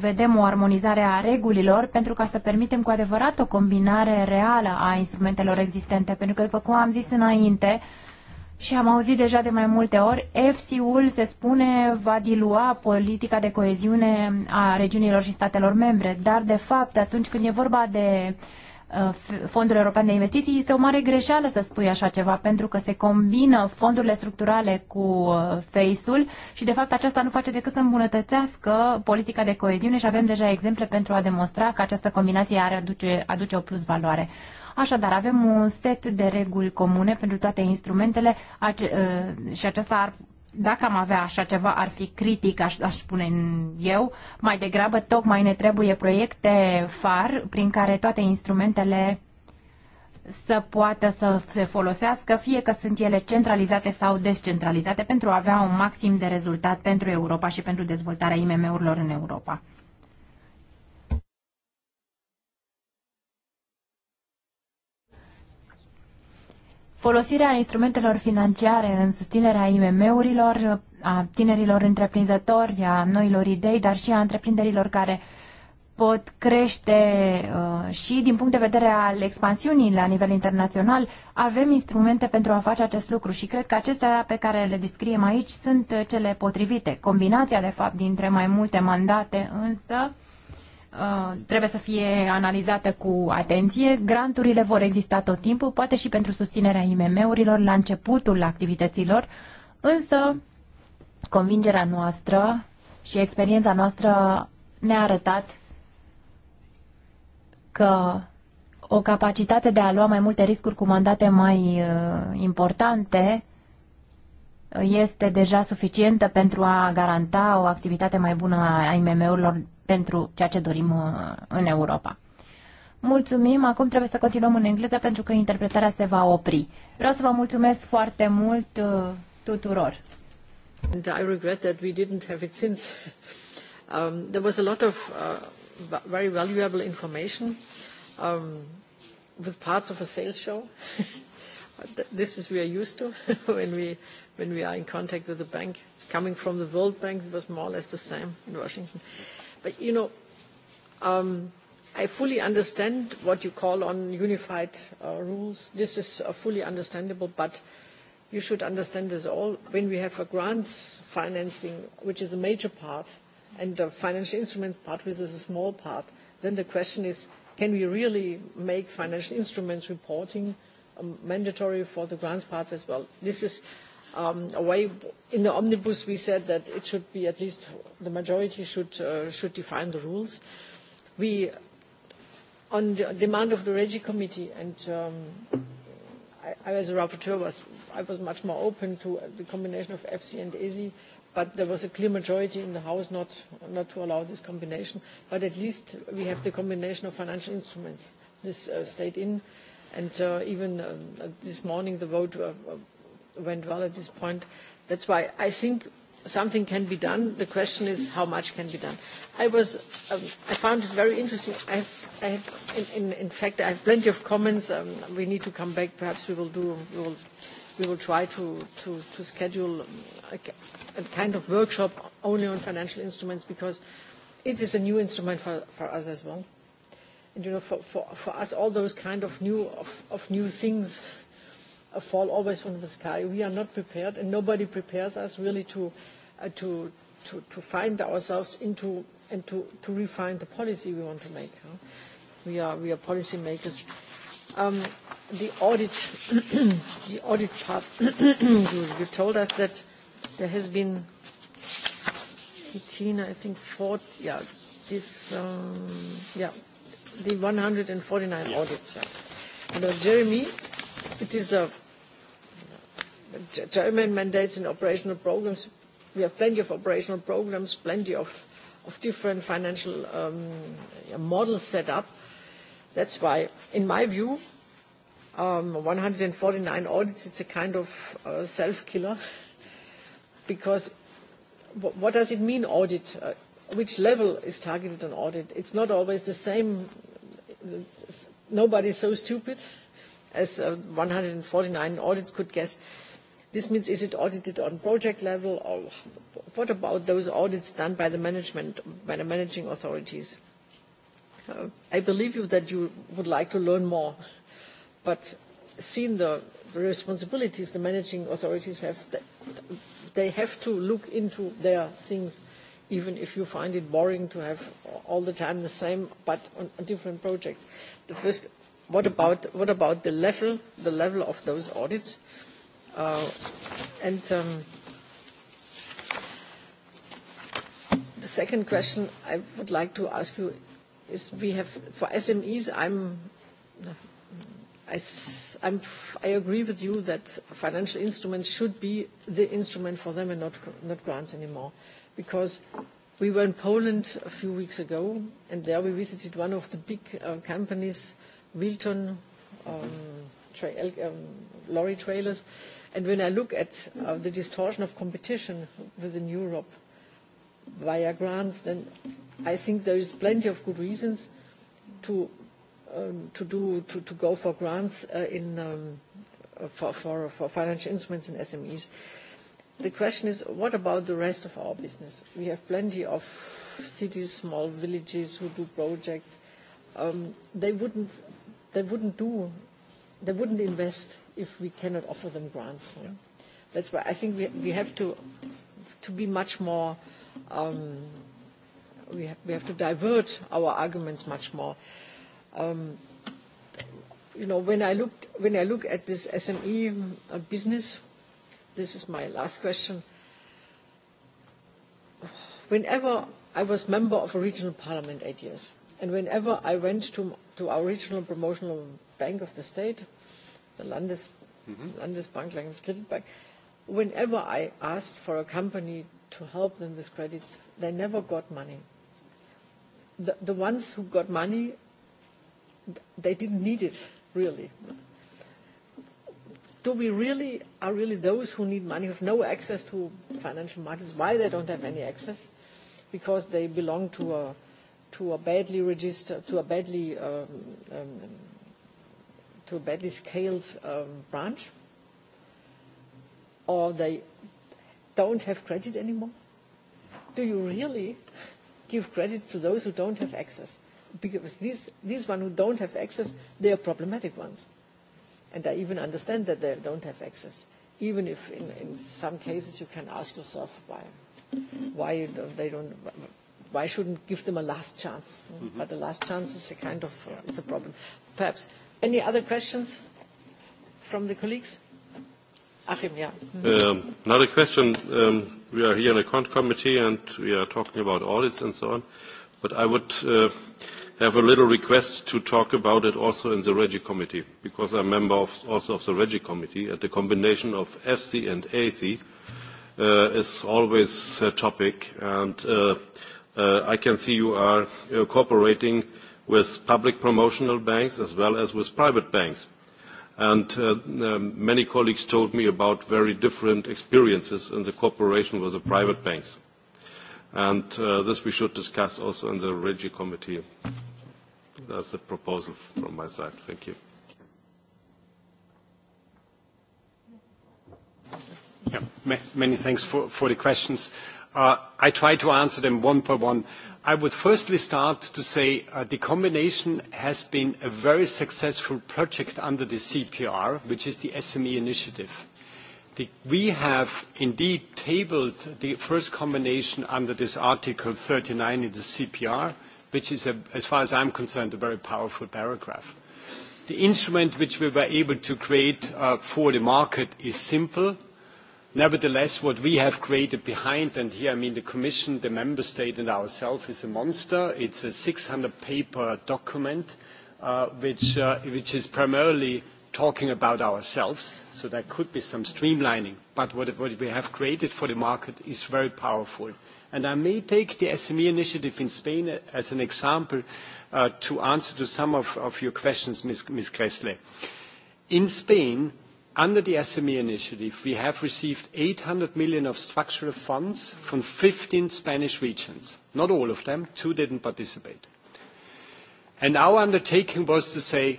vedem o armonizare a regulilor pentru ca să permitem cu adevărat o combinare reală a instrumentelor existente. Pentru că, după cum am zis înainte, și am auzit deja de mai multe ori, EFSI-ul, se spune, va dilua politica de coeziune a regiunilor și statelor membre, dar, de fapt, atunci când e vorba de uh, Uh, Fondul European de Investiții, este o mare greșeală să spui așa ceva, pentru că se combină fondurile structurale cu uh, FACE-ul și, de fapt, aceasta nu face decât să îmbunătățească politica de coeziune și avem deja exemple pentru a demonstra că această combinație are aduce, aduce o plus valoare. Așadar, avem un set de reguli comune pentru toate instrumentele ace- uh, și aceasta ar dacă am avea așa ceva, ar fi critic, aș, aș spune eu. Mai degrabă, tocmai ne trebuie proiecte far prin care toate instrumentele să poată să se folosească, fie că sunt ele centralizate sau descentralizate, pentru a avea un maxim de rezultat pentru Europa și pentru dezvoltarea IMM-urilor în Europa. Folosirea instrumentelor financiare în susținerea IMM-urilor, a tinerilor întreprinzători, a noilor idei, dar și a întreprinderilor care pot crește uh, și din punct de vedere al expansiunii la nivel internațional, avem instrumente pentru a face acest lucru și cred că acestea pe care le descriem aici sunt uh, cele potrivite. Combinația, de fapt, dintre mai multe mandate însă Uh, trebuie să fie analizată cu atenție. Granturile vor exista tot timpul, poate și pentru susținerea IMM-urilor la începutul activităților, însă convingerea noastră și experiența noastră ne-a arătat că o capacitate de a lua mai multe riscuri cu mandate mai uh, importante este deja suficientă pentru a garanta o activitate mai bună a IMM-urilor pentru ceea ce dorim uh, în Europa. Mulțumim, acum trebuie să continuăm în engleză pentru că interpretarea se va opri. Vreau să vă mulțumesc foarte mult uh, tuturor. And I regret that we didn't have it since. Um, there was a lot of uh, very valuable information um, with parts of a sales show. this is we are used to when we when we are in contact with the bank. Coming from the World Bank, it was more or less the same in Washington. But, you know, um, I fully understand what you call on unified uh, rules. This is uh, fully understandable, but you should understand this all. When we have a grants financing, which is a major part, and the financial instruments part, which is a small part, then the question is, can we really make financial instruments reporting um, mandatory for the grants part as well? This is Um, way In the omnibus, we said that it should be at least the majority should, uh, should define the rules. We, on the demand of the Regi Committee, and um, I, I, as a rapporteur, was, I was much more open to the combination of fc and ESI, but there was a clear majority in the House not, not to allow this combination. But at least we have the combination of financial instruments. This uh, stayed in and uh, even um, uh, this morning the vote uh, uh went well at this point. That's why I think something can be done. The question is how much can be done. I, was, um, I found it very interesting. I have, I have in, in, in fact, I have plenty of comments. Um, we need to come back. Perhaps we will do. We will, we will try to, to, to schedule um, a, a kind of workshop only on financial instruments because it is a new instrument for, for us as well. And you know, for, for, for us, all those kind of new of, of new things fall always from the sky. We are not prepared, and nobody prepares us really to, uh, to, to, to find ourselves into and to, to refine the policy we want to make. Huh? We are, we are policy makers. Um, the audit, the audit part, you, told us that there has been 18, I think, 40, yeah, this, um, yeah, the 149 yeah. audits. Yeah. Uh, and, Jeremy, it is a German mandates and operational programs. We have plenty of operational programs, plenty of, of different financial um, models set up. That's why, in my view, um, 149 audits, it's a kind of uh, self-killer because what does it mean audit? Uh, which level is targeted on audit? It's not always the same. Nobody's so stupid as uh, 149 audits could guess. This means, is it audited on project level, or what about those audits done by the management, by the managing authorities? Uh, I believe you that you would like to learn more, but seeing the responsibilities the managing authorities have, they have to look into their things, even if you find it boring to have all the time the same, but on, different projects. The first, what about, what about the level, the level of those audits? Uh, and um, the second question I would like to ask you is we have for SMEs, I'm I, I'm, I agree with you that financial instruments should be the instrument for them and not, not grants anymore. Because we were in Poland a few weeks ago, and there we visited one of the big uh, companies, Wilton, um, Um, lorry trailers. And when I look at uh, the distortion of competition within Europe via grants, then I think there is plenty of good reasons to um, to do to, to go for grants uh, in um, uh, for, for, for financial instruments in SMEs. The question is, what about the rest of our business? We have plenty of cities, small villages who do projects. Um, they wouldn't they wouldn't do they wouldn't invest if we cannot offer them grants. Yeah. That's why I think we, we have to, to be much more, um, we, have, we have to divert our arguments much more. Um, you know, when I, looked, when I look at this SME uh, business, this is my last question. Whenever I was member of a regional parliament eight years, and whenever I went to, to our regional promotional bank of the state, the Landes, mm-hmm. Landesbank, Landeskreditbank, whenever I asked for a company to help them with credits, they never got money. The, the ones who got money, they didn't need it, really. Do we really, are really those who need money, who have no access to financial markets, why they don't have any access? Because they belong to a, to a badly registered, to a badly um, um, to a badly scaled um, branch, or they don't have credit anymore? Do you really give credit to those who don't have access? Because these, these ones who don't have access, they are problematic ones. And I even understand that they don't have access, even if in, in some cases you can ask yourself why, why they don't, why shouldn't give them a last chance? Mm-hmm. But the last chance is a kind of, uh, it's a problem. Perhaps Any other questions from the colleagues? Achim, yeah. Mm-hmm. Um, another question. Um, we are here in the Cont Committee and we are talking about audits and so on. But I would uh, have a little request to talk about it also in the Regi Committee, because I'm a member of, also of the Regi Committee, and the combination of FC and AC uh, is always a topic. And uh, uh, I can see you are uh, cooperating uh, with public promotional banks as well as with private banks. And uh, um, many colleagues told me about very different experiences in the cooperation with the private banks. And uh, this we should discuss also in the REGI committee. That's the proposal from my side. Thank you. Yeah, many thanks for the questions. Uh, I try to answer them one by one. I would firstly start to say uh, the combination has been a very successful project under the CPR, which is the SME initiative. The, we have indeed tabled the first combination under this Article 39 in the CPR, which is, a, as far as I'm concerned, a very powerful paragraph. The instrument which we were able to create uh, for the market is simple Nevertheless, what we have created behind, and here I mean the Commission, the Member State and ourselves, is a monster. It's a 600-paper document, uh, which, uh, which is primarily talking about ourselves, so there could be some streamlining. But what, what we have created for the market is very powerful. And I may take the SME initiative in Spain as an example uh, to answer to some of, of your questions, Ms. Ms. Gräßle. In Spain, Under the SME initiative, we have received 800 million of structural funds from 15 Spanish regions. Not all of them, two didn't participate. And Our undertaking was to say,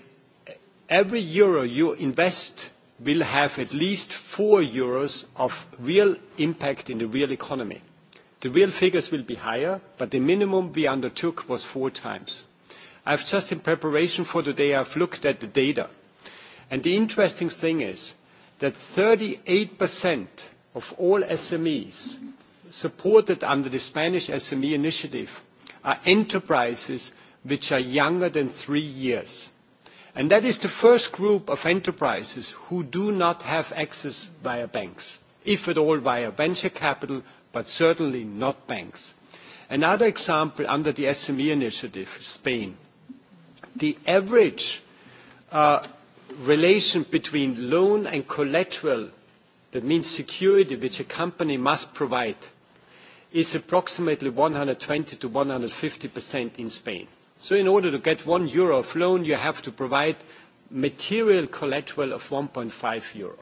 every euro you invest will have at least 4 euros of real impact in the real economy. The real figures will be higher, but the minimum we undertook was four times. I've just in preparation for today, I've looked at the data. And the interesting thing is that 38% of all SMEs supported under the Spanish SME initiative are enterprises which are younger than three years. And that is the first group of enterprises who do not have access via banks, if at all via venture capital, but certainly not banks. Another example under the SME initiative, Spain. The average uh, relation between loan and collateral, that means security which a company must provide, is approximately 120 to 150% in Spain. So in order to get one euro of loan, you have to provide material collateral of 1.5 euro.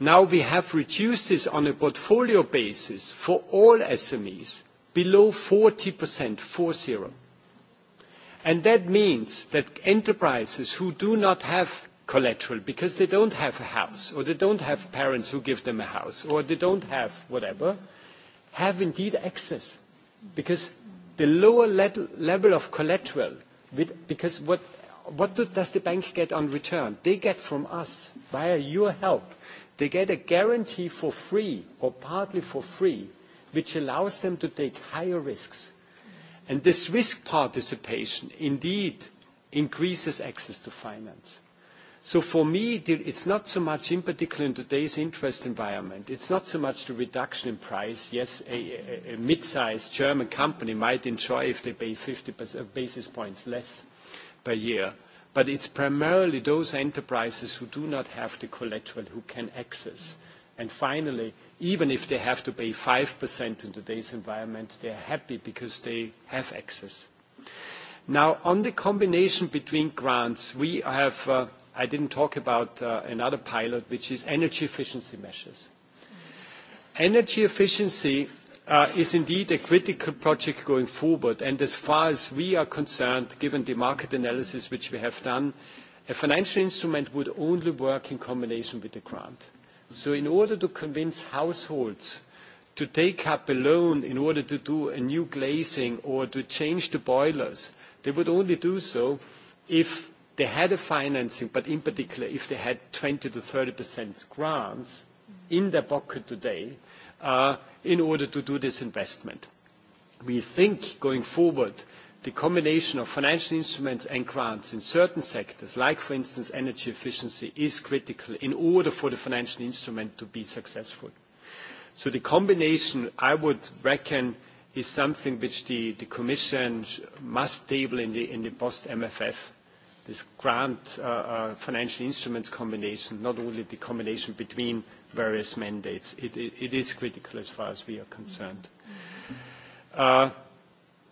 Now we have reduced this on a portfolio basis for all SMEs below 40%, 4-0. And that means that enterprises who do not have collateral because they don't have a house or they don't have parents who give them a house or they don't have whatever, have indeed access. Because the lower level of collateral, because what, what does the bank get on return? They get from us, via your help, they get a guarantee for free or partly for free, which allows them to take higher risks And this risk participation indeed increases access to finance. So for me, it's not so much, in particular in today's interest environment, it's not so much the reduction in price. Yes, a, a mid-sized German company might enjoy if they pay 50 uh, basis points less per year. But it's primarily those enterprises who do not have the collateral who can access. And finally, even if they have to pay 5% in today's environment, they are happy because they have access. Now, on the combination between grants, we have, uh, I didn't talk about uh, another pilot, which is energy efficiency measures. Energy efficiency uh, is indeed a critical project going forward, and as far as we are concerned, given the market analysis which we have done, a financial instrument would only work in combination with the grant So in order to convince households to take up a loan in order to do a new glazing or to change the boilers, they would only do so if they had a financing, but in particular if they had 20 to 30% grants in their pocket today uh, in order to do this investment. We think going forward the combination of financial instruments and grants in certain sectors, like for instance energy efficiency, is critical in order for the financial instrument to be successful. So the combination, I would reckon, is something which the, the Commission must table in the, in the post-MFF, this grant uh, uh, financial instruments combination, not only the combination between various mandates. It, it, it is critical as far as we are concerned. Uh,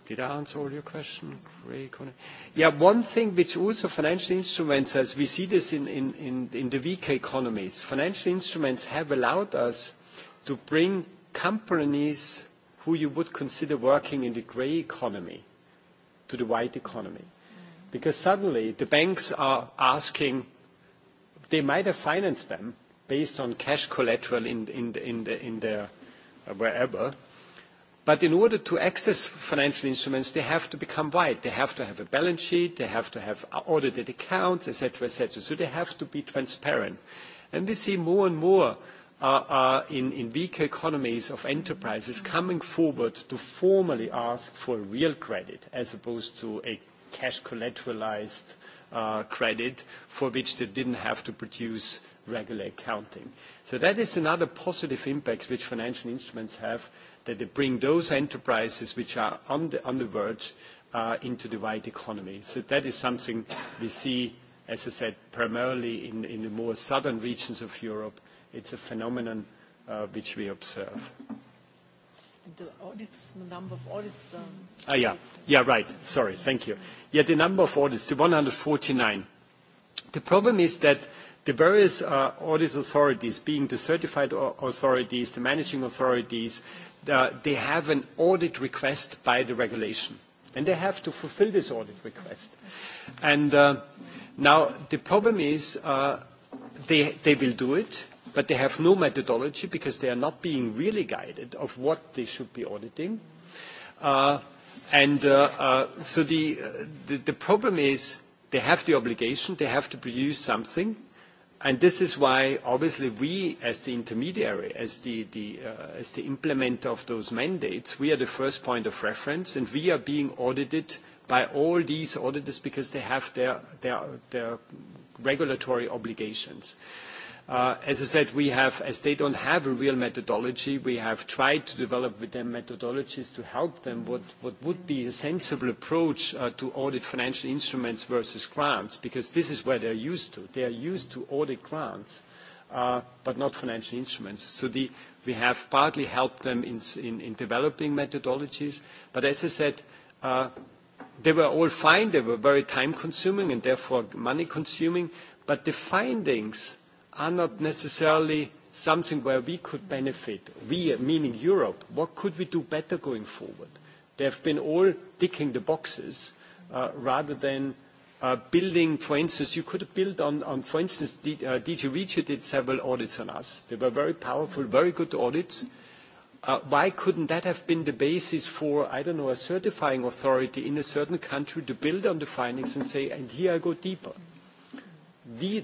Did I answer all your question? Yeah, one thing which also financial instruments, as we see this in, in, in the weak economies, financial instruments have allowed us to bring companies who you would consider working in the grey economy to the white economy. Because suddenly the banks are asking, they might have financed them based on cash collateral in, in, in, in their uh, wherever, But in order to access financial instruments, they have to become white. They have to have a balance sheet, they have to have uh, audited accounts, etc., etc. So they have to be transparent. And we see more and more uh, uh, in, in weaker economies of enterprises coming forward to formally ask for real credit as opposed to a cash collateralized uh, credit for which they didn't have to produce regular accounting. So that is another positive impact which financial instruments have that they bring those enterprises which are on the, on the verge uh, into the wide economy. So that is something we see, as I said, primarily in, in the more southern regions of Europe. It's a phenomenon uh, which we observe. And the audits, the number of audits done. Ah, yeah. Yeah, right. Sorry. Thank you. Yeah, the number of audits, the 149. The problem is that the various uh, audit authorities, being the certified authorities, the managing authorities, Uh, they have an audit request by the regulation, and they have to fulfill this audit request. And uh, now the problem is uh, they, they will do it, but they have no methodology because they are not being really guided of what they should be auditing. Uh, and uh, uh, so the, uh, the, the problem is they have the obligation, they have to produce something, And this is why, obviously, we, as the intermediary, as the, the, uh, as the implementer of those mandates, we are the first point of reference, and we are being audited by all these auditors because they have their, their, their regulatory obligations. Uh, Uh, as I said, we have, as they don't have a real methodology, we have tried to develop with them methodologies to help them what, what would be a sensible approach uh, to audit financial instruments versus grants, because this is where they're used to. They are used to audit grants, uh, but not financial instruments. So the, we have partly helped them in, in, in developing methodologies, but as I said, uh, they were all fine. They were very time-consuming and therefore money-consuming, but the findings are not necessarily something where we could benefit. We, meaning Europe, what could we do better going forward? They have been all ticking the boxes uh, rather than uh, building, for instance, you could build on, on for instance, D, uh, DG Regio did several audits on us. They were very powerful, very good audits. Uh, why couldn't that have been the basis for, I don't know, a certifying authority in a certain country to build on the findings and say, and here I go deeper? The,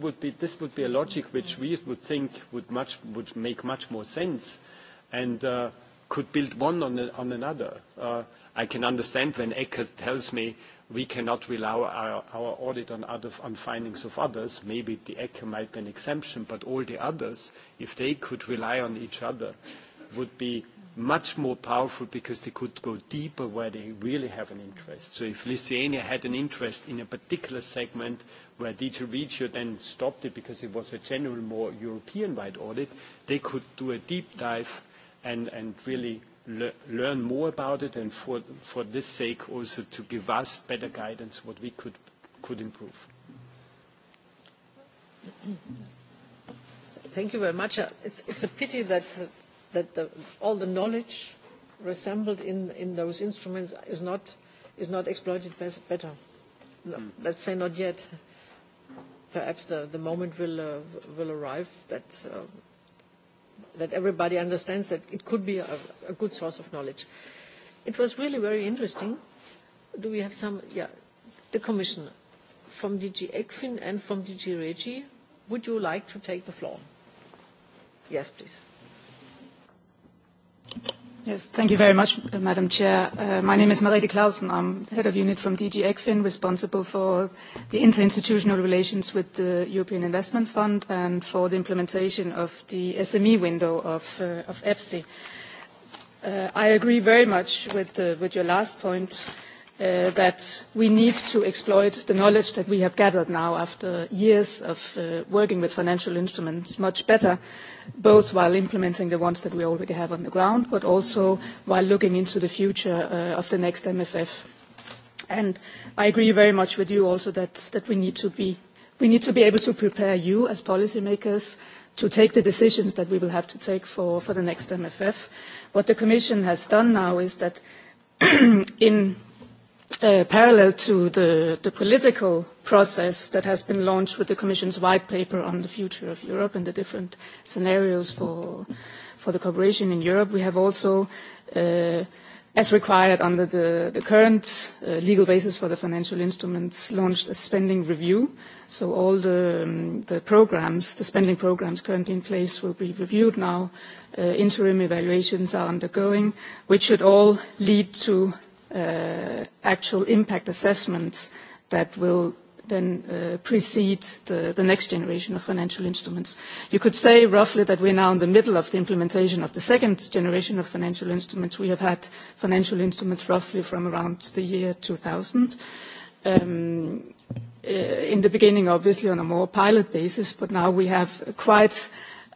would be, this would be a logic which we would think would, much, would make much more sense and uh, could build one on, the, on another. Uh, I can understand when Eckert tells me we cannot rely our, our audit on, other, on findings of others. Maybe the Eckert might be an exemption, but all the others, if they could rely on each other, would be much more powerful because they could go deeper where they really have an interest. So if Lithuania had an interest in a particular segment where Digital Regio then stopped it because it was a general more European-wide audit, they could do a deep dive and, and really le learn more about it and for, for this sake also to give us better guidance what we could, could improve. Thank you very much. Uh, it's, it's a pity that uh, that the, all the knowledge resembled in, in those instruments is not, is not exploited better. No, hmm. let's say not yet. Perhaps the, the moment will, uh, will arrive that, uh, that everybody understands that it could be a, a good source of knowledge. It was really very interesting. Do we have some? Yeah, the commissioner from DG ECFIN and from DG REGI. Would you like to take the floor? Yes, please. Yes, thank you very much, Madam Chair. Uh, my name is Mariette Clausen. I'm head of unit from DG ECFIN, responsible for the interinstitutional relations with the European Investment Fund and for the implementation of the SME window of, uh, of EFSI. Uh, I agree very much with, uh, with your last point. Uh, that we need to exploit the knowledge that we have gathered now after years of uh, working with financial instruments much better, both while implementing the ones that we already have on the ground, but also while looking into the future uh, of the next MFF. And I agree very much with you also that, that we, need to be, we need to be able to prepare you as policymakers to take the decisions that we will have to take for, for the next MFF. What the Commission has done now is that in Uh, parallel to the, the, political process that has been launched with the Commission's white paper on the future of Europe and the different scenarios for, for the cooperation in Europe, we have also, uh, as required under the, the current uh, legal basis for the financial instruments, launched a spending review. So all the, um, the programs, the spending programs currently in place will be reviewed now. Uh, interim evaluations are undergoing, which should all lead to Uh, actual impact assessments that will then uh, precede the, the next generation of financial instruments. You could say roughly that we're now in the middle of the implementation of the second generation of financial instruments. We have had financial instruments roughly from around the year 2000. Um, uh, in the beginning, obviously, on a more pilot basis, but now we have quite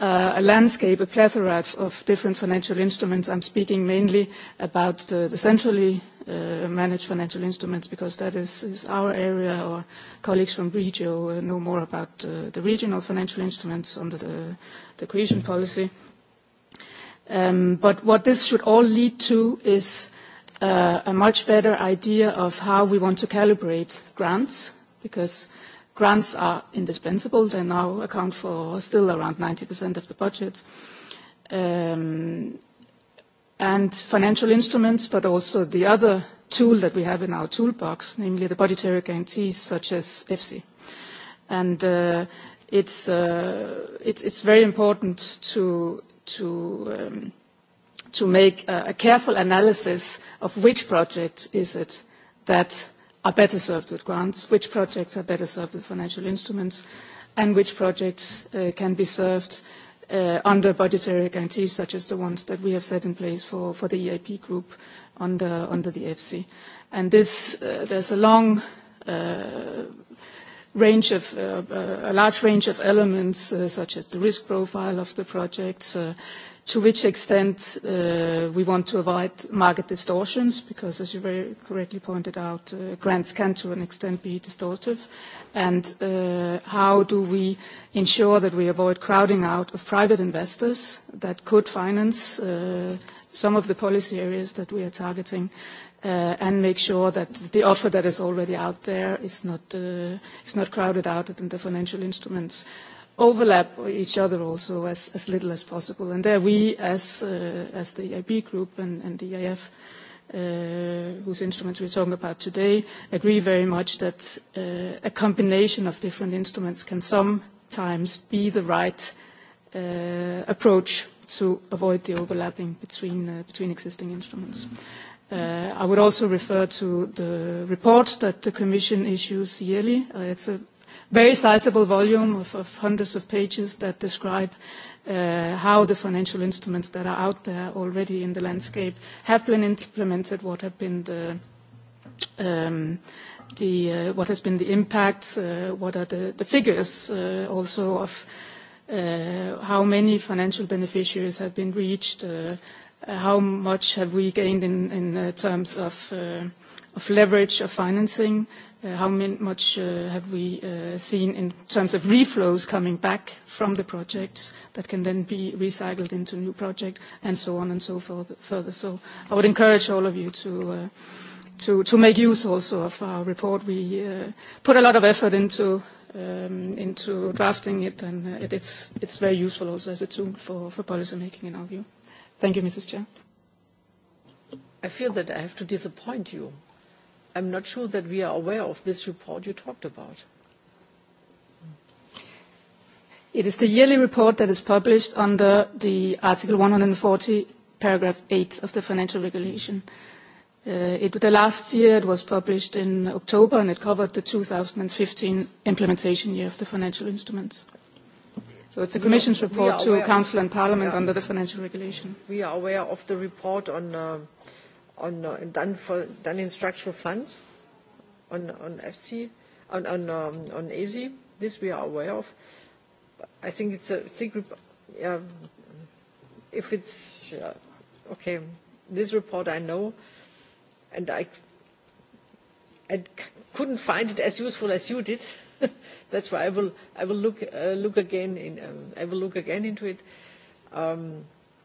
Uh, a landscape, a plethora of, of different financial instruments. I'm speaking mainly about the, the centrally uh, managed financial instruments because that is, is our area. Our colleagues from Regio uh, know more about uh, the regional financial instruments under the, the cohesion mm-hmm. policy. Um, but what this should all lead to is uh, a much better idea of how we want to calibrate grants because uh, Grants are indispensable. They now account for still around 90% of the budget. Um, and financial instruments, but also the other tool that we have in our toolbox, namely the budgetary guarantees such as EFSI. And uh, it's, uh, it's, it's very important to, to, um, to make a, a careful analysis of which project is it that uh, are better served with grants, which projects are better served with financial instruments, and which projects uh, can be served uh, under budgetary guarantees, such as the ones that we have set in place for, for the EIP group under, under the EFSI. And this, uh, there's a long uh, range of uh, uh, a large range of elements uh, such as the risk profile of the projects, uh, to which extent uh, we want to avoid market distortions, because as you very correctly pointed out, uh, grants can to an extent be distortive, and uh, how do we ensure that we avoid crowding out of private investors that could finance uh, some of the policy areas that we are targeting, uh, and make sure that the offer that is already out there is not, is not crowded out in the financial instruments overlap each other also as, as little as possible. And there we, as, uh, as the EIB group and, and the EIF, uh, whose instruments we're talking about today, agree very much that uh, a combination of different instruments can sometimes be the right uh, approach to avoid the overlapping between, uh, between existing instruments. Uh, I would also refer to the report that the Commission issues yearly. Uh, it's a very sizable volume of, of hundreds of pages that describe uh, how the financial instruments that are out there already in the landscape have been implemented, what have been the um, the, uh, what has been the impact, uh, what are the, the figures uh, also of uh, how many financial beneficiaries have been reached, uh, how much have we gained in, in uh, terms of, of leverage of financing, Uh, how much uh, have we uh, seen in terms of reflows coming back from the projects that can then be recycled into new project, and so on and so forth further. So I would encourage all of you to, to, make use also of our report. We put a lot of effort into, um, into drafting it, and it's, it's very useful also as a tool for, for policy making, in our view. Thank you, Mrs. Chair. I feel that I have to disappoint you I'm not sure that we are aware of this report you talked about. It is the yearly report that is published under the Article 140, paragraph 8 of the financial regulation. Uh, it, the last year it was published in October and it covered the 2015 implementation year of the financial instruments. So it's the Commission's report to Council and Parliament under the financial regulation. We are aware of the report on uh, on uh, done for done in structural funds on on FC on on um, on This we are aware of. I think it's a thing, um, if it's uh, okay. This report I know, and I and couldn't find it as useful as you did. That's why I will I will look uh, look again in um, I will look again into it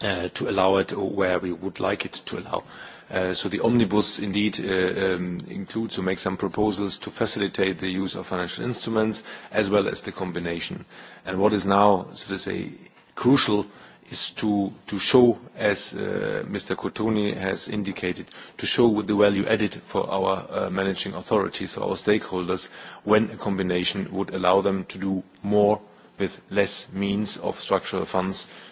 Uh, to allow it where we would like it to allow. Uh, so the omnibus indeed uh, um, includes or makes some proposals to facilitate the use of financial instruments as well as the combination. And what is now, so to say, crucial is to, to show, as Mr. Cotoni has indicated, to show the value added for our managing authorities, for our stakeholders, when a combination would allow them to do more with less means of structural funds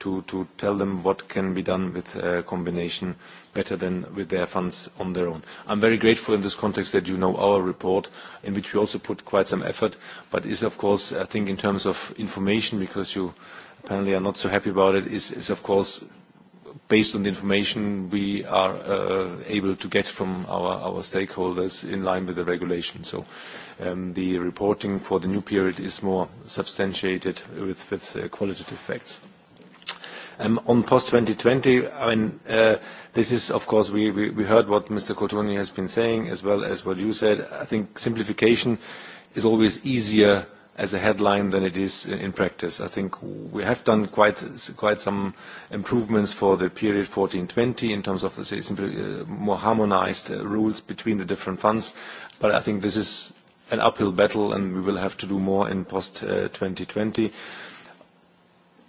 to, to tell them what can be done with a combination better than with their funds on their own. I'm very grateful in this context that you know our report, in which we also put quite some effort, but is of course, I think in terms of information, because you apparently are not so happy about it, is, is of course based on the information we are uh, able to get from our, our stakeholders in line with the regulation. So um, the reporting for the new period is more substantiated with, with uh, qualitative facts. Um, on post-2020, uh, this is, of course, we, heard what Mr. Cotoni has been saying as well as what you said. I think simplification is always easier as a headline than it is in, practice. I think we have done quite, some improvements for the period 14/20 in terms of, say, simply uh, more harmonized uh, rules between the different funds. But I think this is an uphill battle, and we will have to do more in post-2020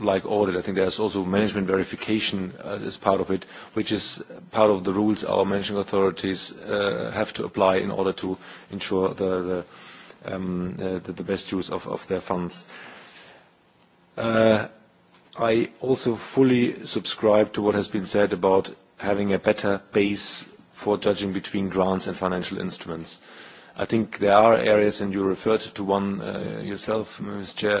like audit, I think there's also management verification uh, as part of it, which is part of the rules our managing authorities uh, have to apply in order to ensure the, the, um, uh, the, the best use of, of their funds. Uh, I also fully subscribe to what has been said about having a better base for judging between grants and financial instruments. I think there are areas, and you referred to one uh, yourself, Ms. Chair, uh,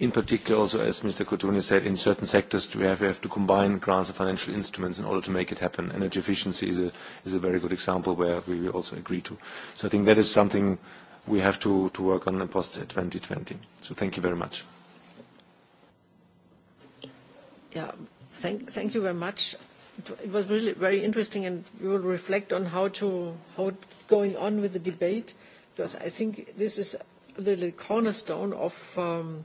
in particular also, as Mr. Cotoni said, in certain sectors we have, we have to combine grants and financial instruments in order to make it happen. Energy efficiency is a, is a very good example where we will also agree to. So I think that is something we have to, to work on in post-2020. So thank you very much. Yeah, thank, thank you very much. It was really very interesting, and we will reflect on how to how going on with the debate, because I think this is the cornerstone of um,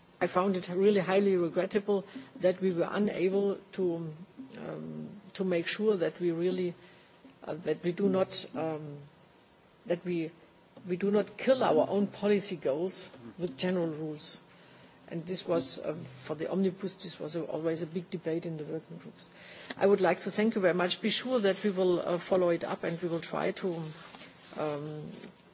I found it really highly regrettable that we were unable to, um, to make sure that we really uh, that we do not um, that we we do not kill our own policy goals with general rules. And this was, uh, for the omnibus, this was a, always a big debate in the working groups. I would like to thank you very much. Be sure that we will uh, follow it up and we will try to, um,